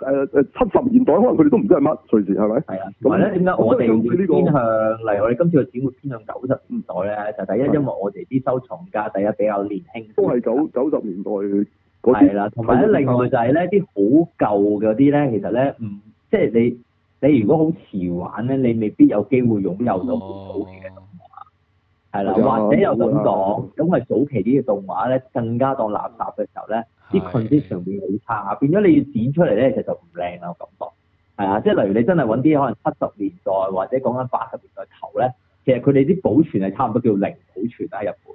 誒誒，七十年代可能佢哋都唔知係乜，隨時係咪？係啊，咁咧點解我哋會偏向？例如，我哋今次嘅展會偏向九十年代咧，就第一，因為我哋啲收藏家第一比較年輕。都係九九十年代嗰啲。係啦，同埋咧，另外就係咧，啲好舊嘅啲咧，其實咧唔，即係你你如果好遲玩咧，你未必有機會擁有到好早期嘅動畫。係啦，或者有點講？咁係早期啲嘅動畫咧，更加當垃圾嘅時候咧。啲 condition 會好差，bad, 變咗你要剪出嚟咧，嗯、其實就唔靚啦，我感覺。係啊，即係例如你真係揾啲可能七十年代或者講緊八十年代頭咧，其實佢哋啲保存係差唔多叫零保存啦，日本。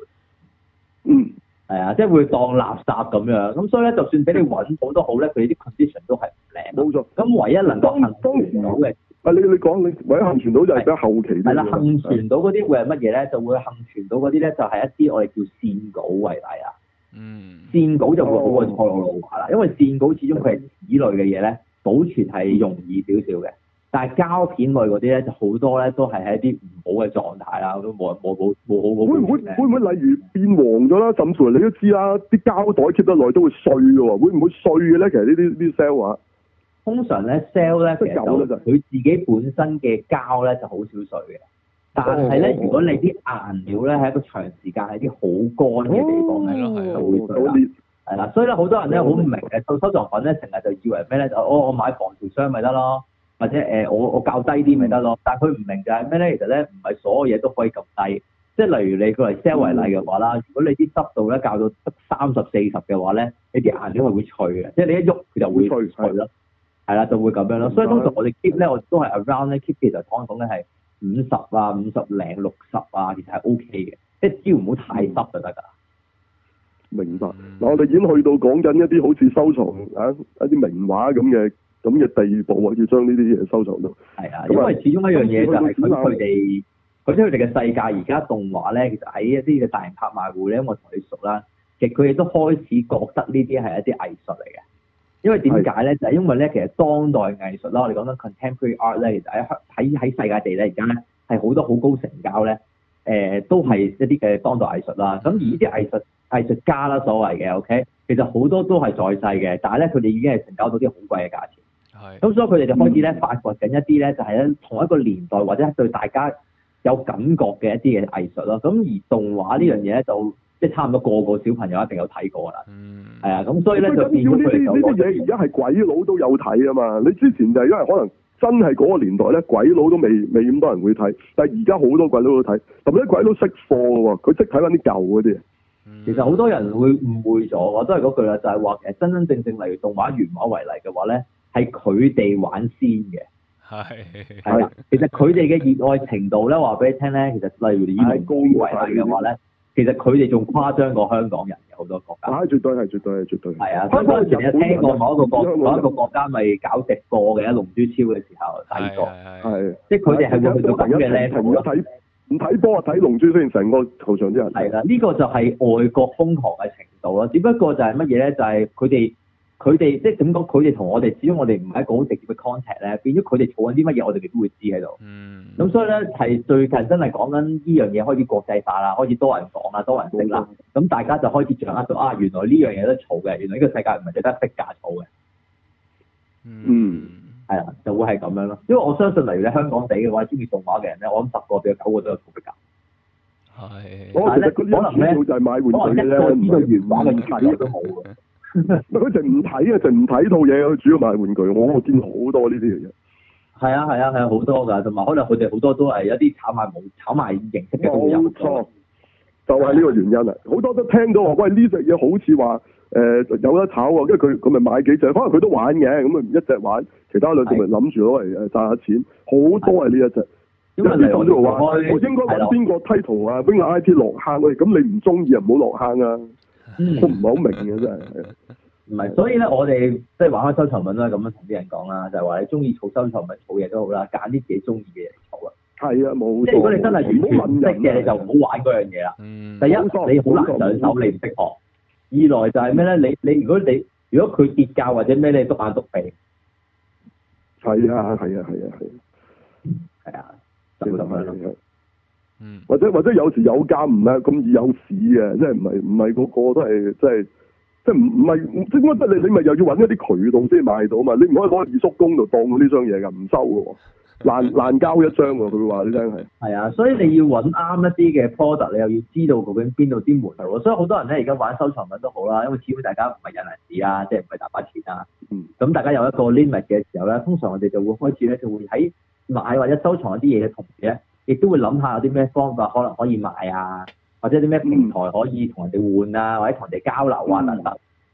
嗯。係啊，即係會當垃圾咁樣。咁所以咧，就算俾你揾到都好咧，佢哋啲 condition 都係唔靚。冇錯。咁唯一能夠幸存到嘅，唔 你你講你唯一幸存到就係比較後期的。係啦，幸存到嗰啲會係乜嘢咧？就會幸存到嗰啲咧，就係一啲我哋叫線稿為例啊。嗯，線稿就會好過塞璐珞老化啦，因為線稿始終佢係紙類嘅嘢咧，保存係容易少少嘅。但係膠片類嗰啲咧，就多好多咧都係喺一啲唔好嘅狀態啦，都冇冇冇冇好，好會會。會唔會會唔會例如變黃咗啦？浸潮你都知啦，啲膠袋 keep 得耐都會碎嘅喎，會唔會碎嘅咧？其實呢啲呢啲 cel 啊，通常咧 cel 咧，都有佢自己本身嘅膠咧就好少碎嘅。但係咧，如果你啲顏料咧係一個長時間喺啲好乾嘅地方咧，就會係啦。所以咧，好多人咧好唔明嘅，做收藏品咧成日就以為咩咧？我我買防潮箱咪得咯，或者誒我我校低啲咪得咯。但係佢唔明就係咩咧？其實咧唔係所有嘢都可以咁低。即係例如你佢係 sell 為例嘅話啦，如果你啲濕度咧校到三十四十嘅話咧，你啲顏料係會脆嘅，即係你一喐佢就會脆脆咯。係啦，就會咁樣咯。所以通常我哋 keep 咧，我都係 around 咧 keep，其實講講咧係。五十啊，五十零六十啊，其實係 O K 嘅，即只要唔好太濕就得噶明白嗱，嗯、我哋已經去到講緊一啲好似收藏啊一啲名畫咁嘅咁嘅地步，要將呢啲嘢收藏到係啊，樣因為始終一樣嘢就係，佢哋佢哋佢哋嘅世界而家動畫咧，其實喺一啲嘅大型拍賣會咧，我同你熟啦，其實佢哋都開始覺得呢啲係一啲藝術嚟嘅。因為點解咧？就係、是、因為咧，其實當代藝術啦，我哋講緊 contemporary art 咧，其實喺喺喺世界各地咧，而家咧係好多好高成交咧，誒、呃、都係一啲嘅當代藝術啦。咁而呢啲藝術藝術家啦，所謂嘅 OK，其實好多都係在世嘅，但係咧佢哋已經係成交到啲好貴嘅價錢。係是。咁所以佢哋就開始咧發掘緊一啲咧，就係咧同一個年代或者對大家有感覺嘅一啲嘅藝術咯。咁而動畫呢樣嘢就～即係差唔多個個小朋友一定有睇過噶啦，係、嗯、啊，咁所以咧就變咗佢哋有睇。呢啲呢啲嘢，而家係鬼佬都有睇啊嘛！你之前就係、是、因為可能真係嗰個年代咧，鬼佬都未未咁多人會睇，但係而家好多鬼佬都睇，同埋啲鬼佬識貨喎，佢識睇翻啲舊嗰啲。嗯、其實好多人會誤會咗，我都係嗰句啦，就係話誒真真正正例如動畫、原畫為例嘅話咧，係佢哋玩先嘅。係係，其實佢哋嘅熱愛程度咧，話俾你聽咧，其實例如你以高達為例嘅話咧。其實佢哋仲誇張過香港人有好多國家，係、啊、絕對係絕對係絕對係。係啊，我之前有聽過某一個國某一個國家咪搞直播嘅，龍珠超嘅時候睇過。係即係佢哋係會去做緊嘅咧，成日睇唔睇波啊？睇、啊啊啊、龍珠雖然成個球場都有係啦，呢、啊呢個就係外國瘋狂嘅程度啦。只不過就係乜嘢咧？就係佢哋。佢哋即係點講？佢哋同我哋，始終我哋唔係一個好直接嘅 contact 咧，變咗佢哋儲緊啲乜嘢，我哋亦都會知喺度。嗯。咁所以咧係最近真係講緊呢樣嘢開始國際化啦，開始多人講啊，多人識啦。咁、嗯、大家就開始掌握到啊，原來呢樣嘢都得炒嘅，原來呢個世界唔係淨得逼價炒嘅。嗯。係啊、嗯，就會係咁樣咯。因為我相信，例如你香港地嘅話，中意動畫嘅人咧，我諗十個變咗九個都有做逼價。係的。呢可能實嗰就係買玩具咧，玩具都冇嘅。 佢就唔睇啊，就唔睇套嘢，佢主要賣玩具。我見好多呢啲嘢。係啊係啊係啊，好多噶，同埋可能佢哋好多都係一啲炒賣冇炒賣形式嘅投入。冇錯，就係呢個原因啊！好多都聽到話喂，呢隻嘢好似話誒有得炒啊，跟住佢佢咪買幾隻，可能佢都玩嘅，咁咪唔一隻玩，其他兩隻咪諗住攞嚟誒賺下錢。好多係呢一隻，有啲仲喺度玩。應該話邊個梯圖啊？邊個 IP 落坑？喂，咁你唔中意啊？唔好落坑啊！都唔係好明嘅真係，唔係，所以咧，我哋即係玩開收藏品啦，咁樣同啲人講啦，就係話你中意儲收藏品，咪儲嘢都好啦，揀啲自己中意嘅嘢嚟儲啊。係啊，冇錯。即係如果你真係完全唔識嘅，你就唔好玩嗰樣嘢啦。第一，你好難上手，你唔識學；二來就係咩咧？你你如果你如果佢跌價或者咩，你篤眼篤鼻。係啊！係啊！係啊！係。係啊。謝謝大或者或者有時有價唔係咁易有市嘅，即係唔係唔係個個都係即係即係唔唔係即係乜得你你咪又要揾一啲渠道先賣到嘛？你唔可以攞去二叔公度當呢張嘢㗎，唔收嘅喎，爛交一張喎，佢會話你真係。係啊，所以你要揾啱一啲嘅 product，你又要知道究竟邊度啲門路。所以好多人咧而家玩收藏品都好啦，因為至少大家唔係印銀紙啊，即係唔係大把錢啊。咁、嗯、大家有一個 limit 嘅時候咧，通常我哋就會開始咧就會喺買或者收藏一啲嘢嘅同時咧。亦都會諗下有啲咩方法可能可以買啊，或者啲咩平台可以同人哋換啊，或者同人哋交流啊等等，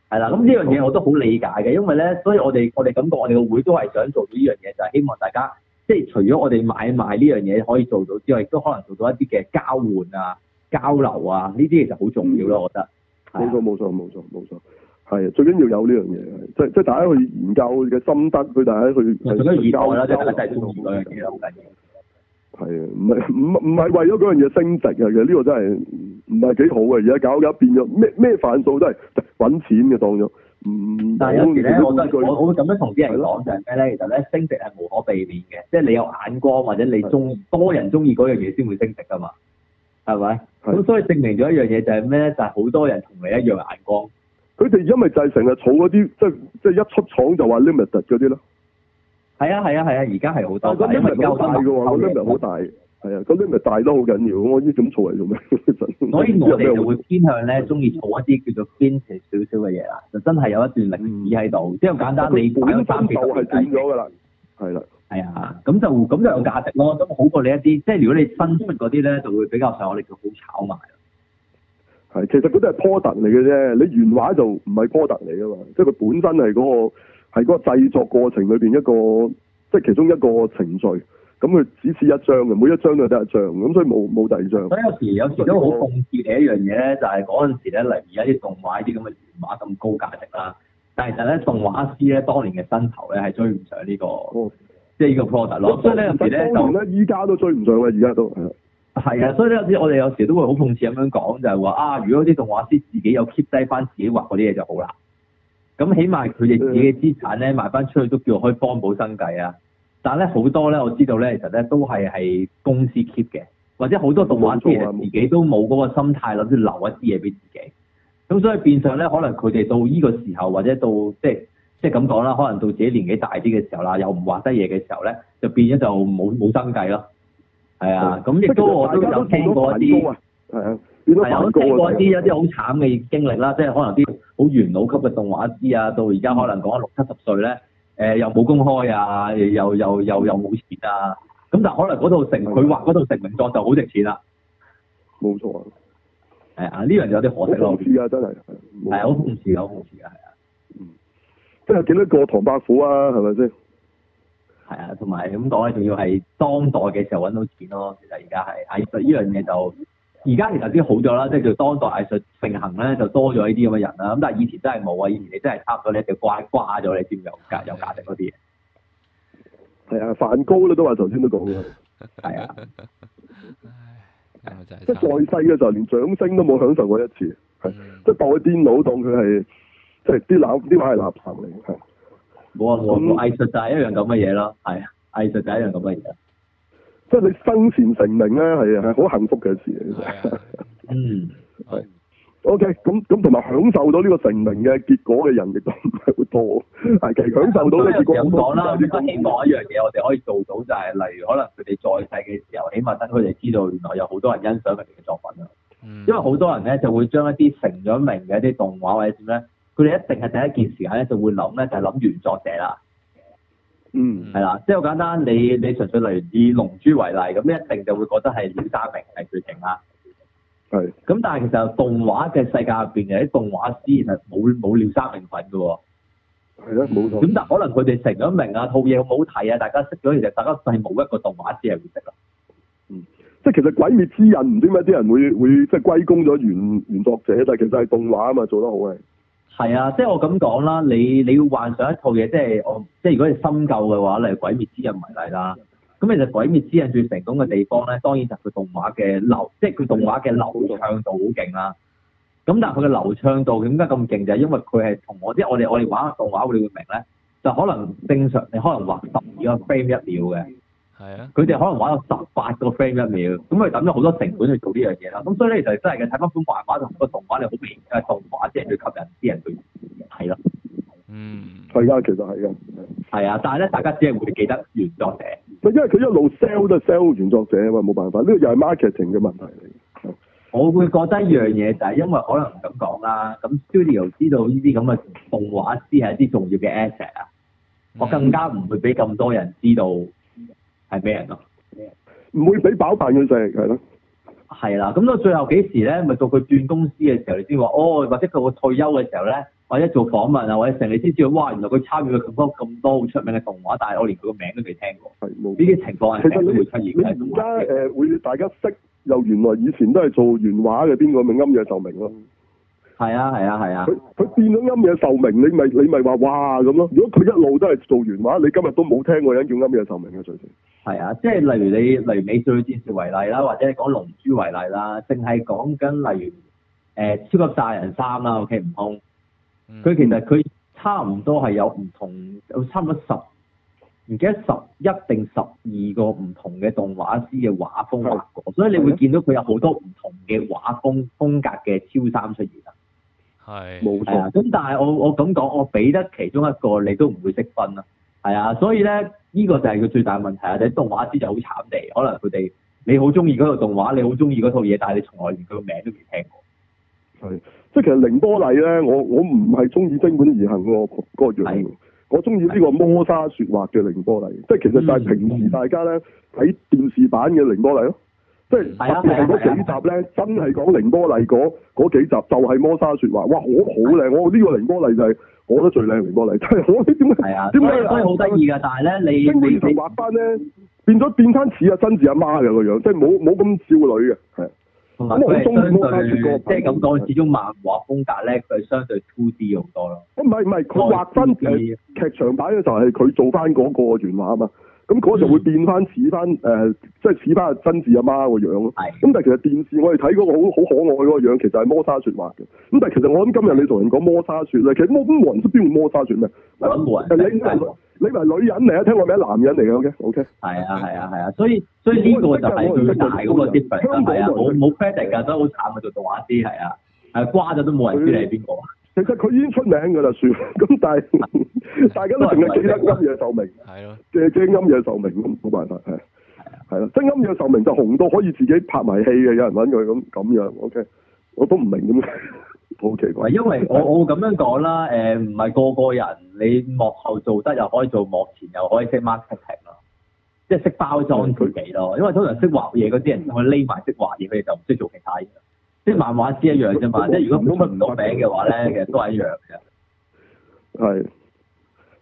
係啦。咁呢樣嘢我都好理解嘅，因為咧，所以我哋我哋感覺我哋個會都係想做到呢樣嘢，就係希望大家即係除咗我哋買賣呢樣嘢可以做到之外，亦都可能做到一啲嘅交換啊、交流啊，呢啲其實好重要咯，我覺得。呢個冇錯冇錯冇錯，係最緊要有呢樣嘢，即即係大家去研究嘅心得，俾大家去研究啦，即係真係好多意係啊，唔係唔唔係為咗嗰樣嘢升值啊，這個嗯，其實呢個真係唔係幾好嘅，而家搞搞家變咗咩咩凡數都係搵錢嘅當咗。嗯，但係有時咧，我我咁樣同啲人講就係咩咧？其實咧，升值係無可避免嘅，即係你有眼光或者你中是的 多人中意嗰樣嘢先會升值噶嘛？係咪？咁是的 所以證明咗一樣嘢就係咩咧？就係好多人同你一樣眼光。佢哋而家咪成日儲嗰啲，即係即係一出廠就話 limited 嗰啲咯。係啊係啊係啊！而家係好多，因為夠大嘅話，我覺得唔係好大。係啊，咁你咪大得好緊要。咁我依種做係做咩？所以我哋就會偏向咧，中意、啊、做一啲叫做 vintage 少少嘅嘢啦。就真係有一段歷史喺度。即係、嗯、簡單你個就就，你買翻嚿係變咗㗎啦。係、嗯、啦。係啊、嗯，咁就咁就有價值咯。咁好過你一啲，即係如果你新出嗰啲咧，就會比較上我哋叫好炒賣。係、嗯，其實嗰啲係波特嚟嘅啫。你原畫就唔係波特嚟啊嘛。即係佢本身係嗰、那個。係嗰個製作過程裏邊一個，即係其中一個程序。咁佢只此一張嘅，每一張就得一張，咁所以冇冇第二張。所以有時有時都好諷刺嘅一樣嘢咧，就係嗰陣時咧，例如而家啲動畫啲咁嘅原畫咁高價值啦。但係其實咧，動畫師咧當年嘅薪酬咧係追唔上呢個，即係呢個 product 咯。所以呢，有時咧依家都追唔上嘅，而家都係啊。啊，所以呢，有時我哋有時都會好諷刺咁樣講，就係話啊，如果啲動畫師自己有 keep 低翻自己畫嗰啲嘢就好啦。咁起碼佢哋自己嘅資產咧賣翻出去都叫可以幫補生計啊，但係咧好多咧我知道咧其實咧都係係公司 keep 嘅，或者好多動畫自己都冇嗰個心態諗住留一啲嘢俾自己，咁所以變相咧可能佢哋到呢個時候或者到即係即係咁講啦，可能到自己年紀大啲嘅時候啦，又唔畫得嘢嘅時候咧，就變咗就冇冇生計咯，係啊，咁亦、嗯嗯、都我都有聽過一啲，係、啊。係啊，經過、嗯、過一啲有啲好慘嘅經歷啦，即係可能啲好元老級嘅動畫師啊，到而家可能講六七十歲咧，誒、呃、又冇公開啊，又又又又冇錢啊，咁但係可能嗰套成佢的畫嗰套成名作就好值錢啦。冇錯啊。係啊，呢樣就有啲可惜咯。啊，真係。係好唔刺，好唔刺啊，係啊。嗯。即係幾多個唐伯虎啊？係咪先？係啊，同埋咁講咧，仲要係當代嘅時候揾到錢咯。其實而家係，係實呢樣嘢就。而家其實啲好咗啦，即係叫當代藝術盛行咧，就多咗呢啲咁嘅人啦。咁但係以前真係冇啊，以前你真係插咗你條怪掛咗你，點有價有價值嗰啲嘢？係啊，梵高咧，都話頭先都講咗。係啊，即係在世嘅時候連掌聲都冇享受過一次。係，嗯、即係當電腦當佢係即係啲啲畫係垃圾嚟冇啊！個個、哦、咁藝術就係一樣咁嘅嘢咯。係，藝術就係一樣咁嘅嘢。即係你生前成名咧，係啊，係好幸福嘅事嚟嘅。嗯，係。O K，咁咁同埋享受到呢個成名嘅結果嘅人，亦都唔係好多。係其實享受到呢個結果、嗯。咁講啦，我哋希望一樣嘢，我哋可以做到就係、是，例如可能佢哋在世嘅時候，起碼等佢哋知道，原來有好多人欣賞佢哋嘅作品啊。嗯、因為好多人咧就會將一啲成咗名嘅一啲動畫或者點咧，佢哋一定係第一件時間咧就會諗咧，就係諗原作者啦。嗯，係啦、嗯，即係好簡單，你你純粹例如以龍珠為例，咁一定就會覺得係鳥山明係最勁啦。係的，咁但係其實動畫嘅世界入邊嘅啲動畫師其實冇冇鳥山明份嘅喎。係，冇錯。咁但可能佢哋成咗名啊，套嘢好唔好睇啊？大家識咗，其實大家係冇一個動畫師係會識啦。嗯，即係其實《鬼滅之刃》唔知點解啲人會會即係歸功咗原原作者，但其實係動畫啊嘛，做得好嘅。係啊，即係我咁講啦，你你要幻想一套嘢，即係我即係如果你深究嘅話，例如《鬼滅之刃》為例啦。咁其實《鬼滅之刃》最成功嘅地方咧，當然就係佢動畫嘅流，即係佢動畫嘅流暢度好勁啦。咁但係佢嘅流暢度點解咁勁就係因為佢係同即我啲我哋我哋玩動畫會你會明咧，就可能正常你可能畫十二個 frame 一秒嘅。係啊，佢哋可能玩咗十八個 frame 一秒，咁佢抌咗好多成本去做呢樣嘢啦。咁所以咧就是、真係嘅，睇翻本漫畫同個動畫你好明，誒動畫即係最吸引啲人去睇咯。嗯，係噶，其實係噶，係啊，但係咧大家只係會記得原作者，唔係因為佢一路 sell 都 sell 原作者啊嘛，冇辦法，呢個又係 marketing 嘅問題嚟。我會覺得一樣嘢就係因為可能咁講啦，咁 Studio 知道呢啲咁嘅動畫師係一啲重要嘅 asset 啊、嗯，我更加唔會俾咁多人知道。係咩人啊？唔會俾飽飯佢。就係係咯，係啦。咁到最後幾時咧，咪到佢轉公司嘅時候，你先話哦，或者佢會退休嘅時候咧，或者做訪問啊，或者成你先知道：「哇！原來佢參與咗咁多咁多好出名嘅動畫，但係我連佢個名都未聽過，係冇呢啲情況係成日都會出現嘅。你而家誒會大家識又原來以前都係做原畫嘅邊個咪庵野秀明」咯？係啊係啊係啊！佢佢變咗庵野秀明」，你咪你咪話哇咁咯。如果佢一路都係做原畫，你今日都冇聽過人叫庵野秀明」嘅最先。係啊，即係例如你，例如美少女戰士為例啦，或者你講龍珠為例啦，淨係講緊例如誒、呃、超級殺人三啦，OK 悟空。佢、嗯、其實佢差唔多係有唔同，有差唔多十，唔記得十一定十二個唔同嘅動畫師嘅畫風畫過，啊、所以你會見到佢有好多唔同嘅畫風風格嘅超三出現啊。係、啊。冇錯。咁、啊、但係我我咁講，我俾得其中一個你都唔會識分啦。係啊，所以咧，呢個就係佢最大問題啊！你、就是、動畫師就好慘地，可能佢哋你好中意嗰套動畫，你好中意嗰套嘢，但係你從來連佢個名都未聽過。係，即係其實波麗呢《靈、那個、的波麗》咧的，我我唔係中意《精武而行》個個樣，我中意呢個摩砂説話嘅《靈波麗》。即係其實就係平時大家咧睇電視版嘅《靈波麗》咯、嗯，即係特別嗰幾集咧，真係講《靈波麗》嗰幾集就係摩砂説話，哇！好好靚，的我呢個靈波麗就係、是。我覺得最靚《微波嚟》，即係我啲點解係啊？點解所以好得意嘅？但係咧，你冰冰畫翻咧，變咗變翻似阿真治阿媽嘅個樣，即係冇冇咁少女嘅。係同埋相對，即係咁講，始終漫畫風格咧，佢係相對 two D 好多咯。咁唔係唔係，佢畫翻嘅新劇場版咧，就係佢做翻嗰個原畫啊嘛。咁嗰個就會變翻似翻誒，即係似翻真治阿媽個樣咯。係，咁但係其實電視我哋睇嗰個好好可愛嗰個樣，其實係摩砂雪畫嘅。咁但係其實我諗今日你同人講摩砂雪咧，其實摩咁冇人知邊個摩砂雪咩？欸、女人，你你係女人嚟啊！聽我名男人嚟嘅，OK OK、啊。係啊係啊係啊，所以所以呢個就係最大嗰個 difference 係啊，冇冇 credit 噶，真係好慘嘅做動畫師係啊，係瓜咗都冇人知你係邊個人。頭話類其實佢已經出名噶啦，算咁， 但係大家都淨係記得庵野秀明，係啊，即係即係庵野秀明冇辦法係，係啦，真庵野秀明就紅到可以自己拍埋戲嘅，有人搵佢咁咁樣，OK，我都唔明點好 奇怪，因為我我咁樣講啦，誒、呃，唔係個個人你幕後做得又可以做，幕前又可以識 marketing 咯、啊，即係識包裝佢哋咯，們因為通常識畫嘢嗰啲人，佢匿埋識畫嘢，佢哋就唔識做其他嘢。即係漫畫師一樣啫嘛，即係如果估唔到名嘅話咧，其實都係一樣嘅。係。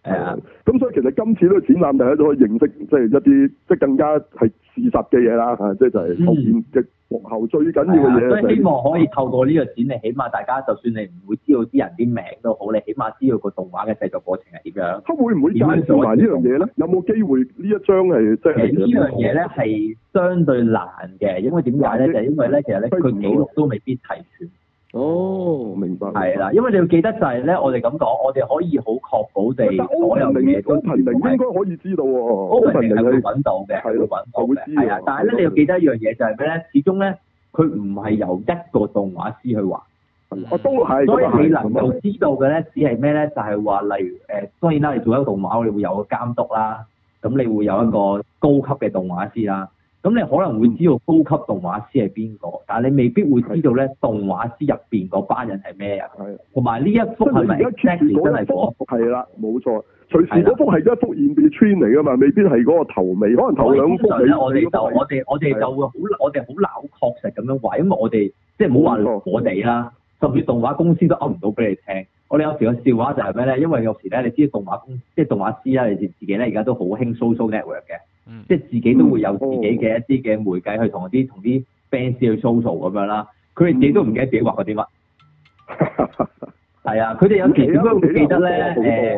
係咁、嗯嗯、所以其實今次呢個展覽，大家都可以認識即係一啲即係更加係事實嘅嘢啦嚇，即係就係後面嘅幕後最緊要嘅嘢。都希望可以透過呢個展，你起碼大家就算你唔會知道啲人啲名都好，你起碼知道個動畫嘅製作過程係點樣。佢會唔會介紹埋呢樣嘢咧？有冇機會呢一張係即係？呢樣嘢咧係相對難嘅，因為點解咧？就係、是、因為咧，其實咧佢記錄都未必齊全。哦，明白。係啦，因為你要記得就係咧，我哋咁講，我哋可以好確保地所有嘅嘢都係應該可以知道喎。open 係會揾到嘅，係會揾到嘅。係啊，但係咧你要記得一樣嘢就係咩咧？始終咧，佢唔係由一個動畫師去畫。我都係。所以你能夠知道嘅咧，只係咩咧？就係話，例如誒，當然啦，你做一個動畫，我哋會有個監督啦。咁你會有一個高級嘅動畫師啦。咁你可能會知道高級動畫師係邊個，但係你未必會知道咧動畫師入邊嗰班人係咩人，同埋呢一幅係咪？隨時嗰幅係啦，冇錯。隨時嗰幅係一幅 in between 嚟㗎嘛，未必係嗰個頭尾，可能頭兩幅嚟的。我哋就我哋我哋就會好的我哋好難確實咁樣話，因為我哋即係唔好話我哋啦，嗯、甚至動畫公司都噏唔到俾你聽。我哋有時嘅笑話就係咩咧？因為有時咧，你知道動畫公司，即係動畫師啦，你自自己咧而家都好興 social network 嘅。即係自己都會有自己嘅一啲嘅媒介去同啲同啲 fans 去 social 咁樣啦，佢哋自己都唔記得自己畫過啲乜。係啊，佢哋有時點解會記得咧？誒，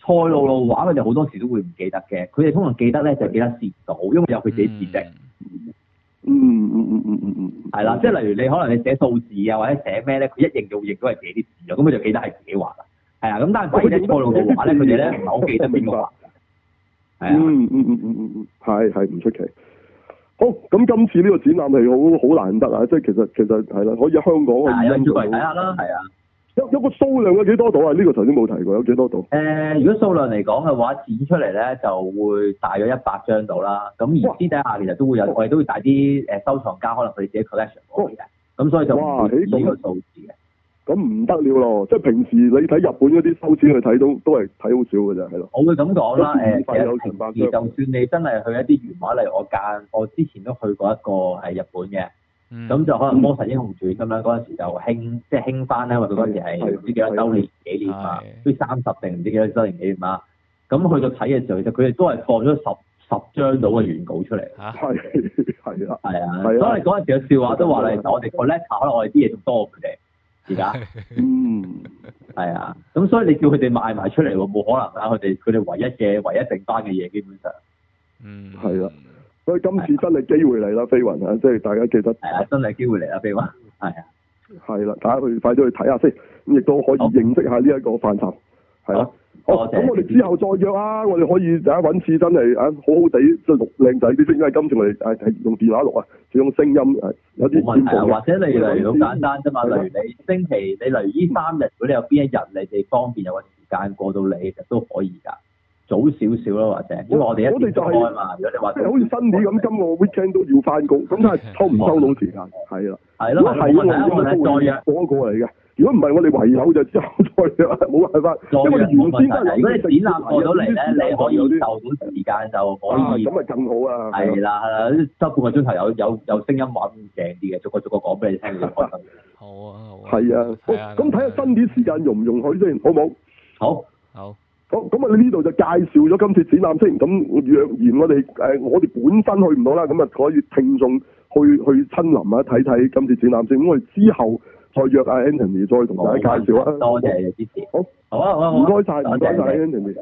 賽路路畫佢哋好多時都會唔記得嘅，佢哋通常記得咧就記得字數，因為有佢寫字識。嗯嗯嗯嗯嗯嗯，係啦，即係例如你可能你寫數字啊或者寫咩咧，佢一認就會認到係自己啲字啊，咁佢就記得係自己畫啦。係啊，咁但係反而咧賽路路畫咧，佢哋咧唔係好記得邊個畫。嗯嗯嗯嗯嗯，係係唔出奇。好，咁今次呢個展覽係好好難得啊！即係其實其實係啦，可以喺香港拎出嚟睇下啦，係啊、嗯的。有有個數量有幾多度啊？呢、這個頭先冇提過，有幾多度？誒、呃，如果數量嚟講嘅話，展出嚟咧就會大約一百張到啦。咁嘩而私底下其實都會有，嘩我哋都會帶啲誒收藏家，可能佢自己 collection 嘅，咁嘩所以就哇，會呢個數字嘅。咁唔得了咯，即係平時你睇日本嗰啲收錢，去睇到都係睇好少嘅咋。係咯。我會咁講啦，誒，而就算你真係去一啲原畫，例如我間，我之前都去過一個係日本嘅，咁就可能《魔神英雄傳》咁啦，嗰陣時就興，即係興翻咧，因為佢嗰陣時係唔知幾多周年紀念啊，都三十定唔知幾多周年紀念啊。咁去到睇嘅時候，其實佢哋都係放咗十十張到嘅原稿出嚟。係啊，係啊。所以嗰陣時嘅笑話都話咧，其實我哋個 letter 可能我哋啲嘢仲多過佢哋。而家，嗯，係 啊，咁所以你叫佢哋賣埋出嚟喎，冇可能啦。佢哋佢哋唯一嘅唯一剩翻嘅嘢，基本上，嗯，係啦、啊，所以今次真係機會嚟啦，飛雲啊，雲即係大家記得，係啊，真係機會嚟啦，飛雲，係啊，係啦、啊，啊、大家快去快啲去睇下先，咁亦好都可以認識下呢一個範疇，係啊。咁我哋之後再約啊！我哋可以大家揾次真係啊，好好地即係錄靚仔啲聲，因為今次嚟係係用電話錄啊，用聲音係冇問題啊。或者你嚟咁簡單啫嘛，例如你星期你嚟呢三日，如果你有邊一日你哋方便有個時間過到你，其實都可以㗎。早少少啦，或者。因咁我哋一開嘛，即係好似新年咁，今個 weekend 都要返工，咁但係抽唔抽到時間？係啦，係咯，係我哋應該會過嚟嘅。如果唔係，我哋唯有就之後再。冇辦法。再讓 因為原先都係，所以題展覽過到嚟咧，你可以有啲時間就。可以。咁咪、啊、更好啊！係啦，收半個鐘頭有有有聲音穩正啲嘅，逐個逐個講俾你聽好、啊，好啊，好。係啊，咁睇下新啲時間容唔容許先，好唔好？好。好。好咁啊！呢度就介紹咗今次展覽先。咁若然我哋誒、呃，我哋本身去唔到啦。咁啊，可以聽眾去去，去親臨啊，睇睇今次展覽先。咁我哋之後。我再約阿、啊、Anthony 再同大家介紹啊！好多謝你支持，好，好、啊，好啊，好啊，唔該晒，唔該晒 Anthony。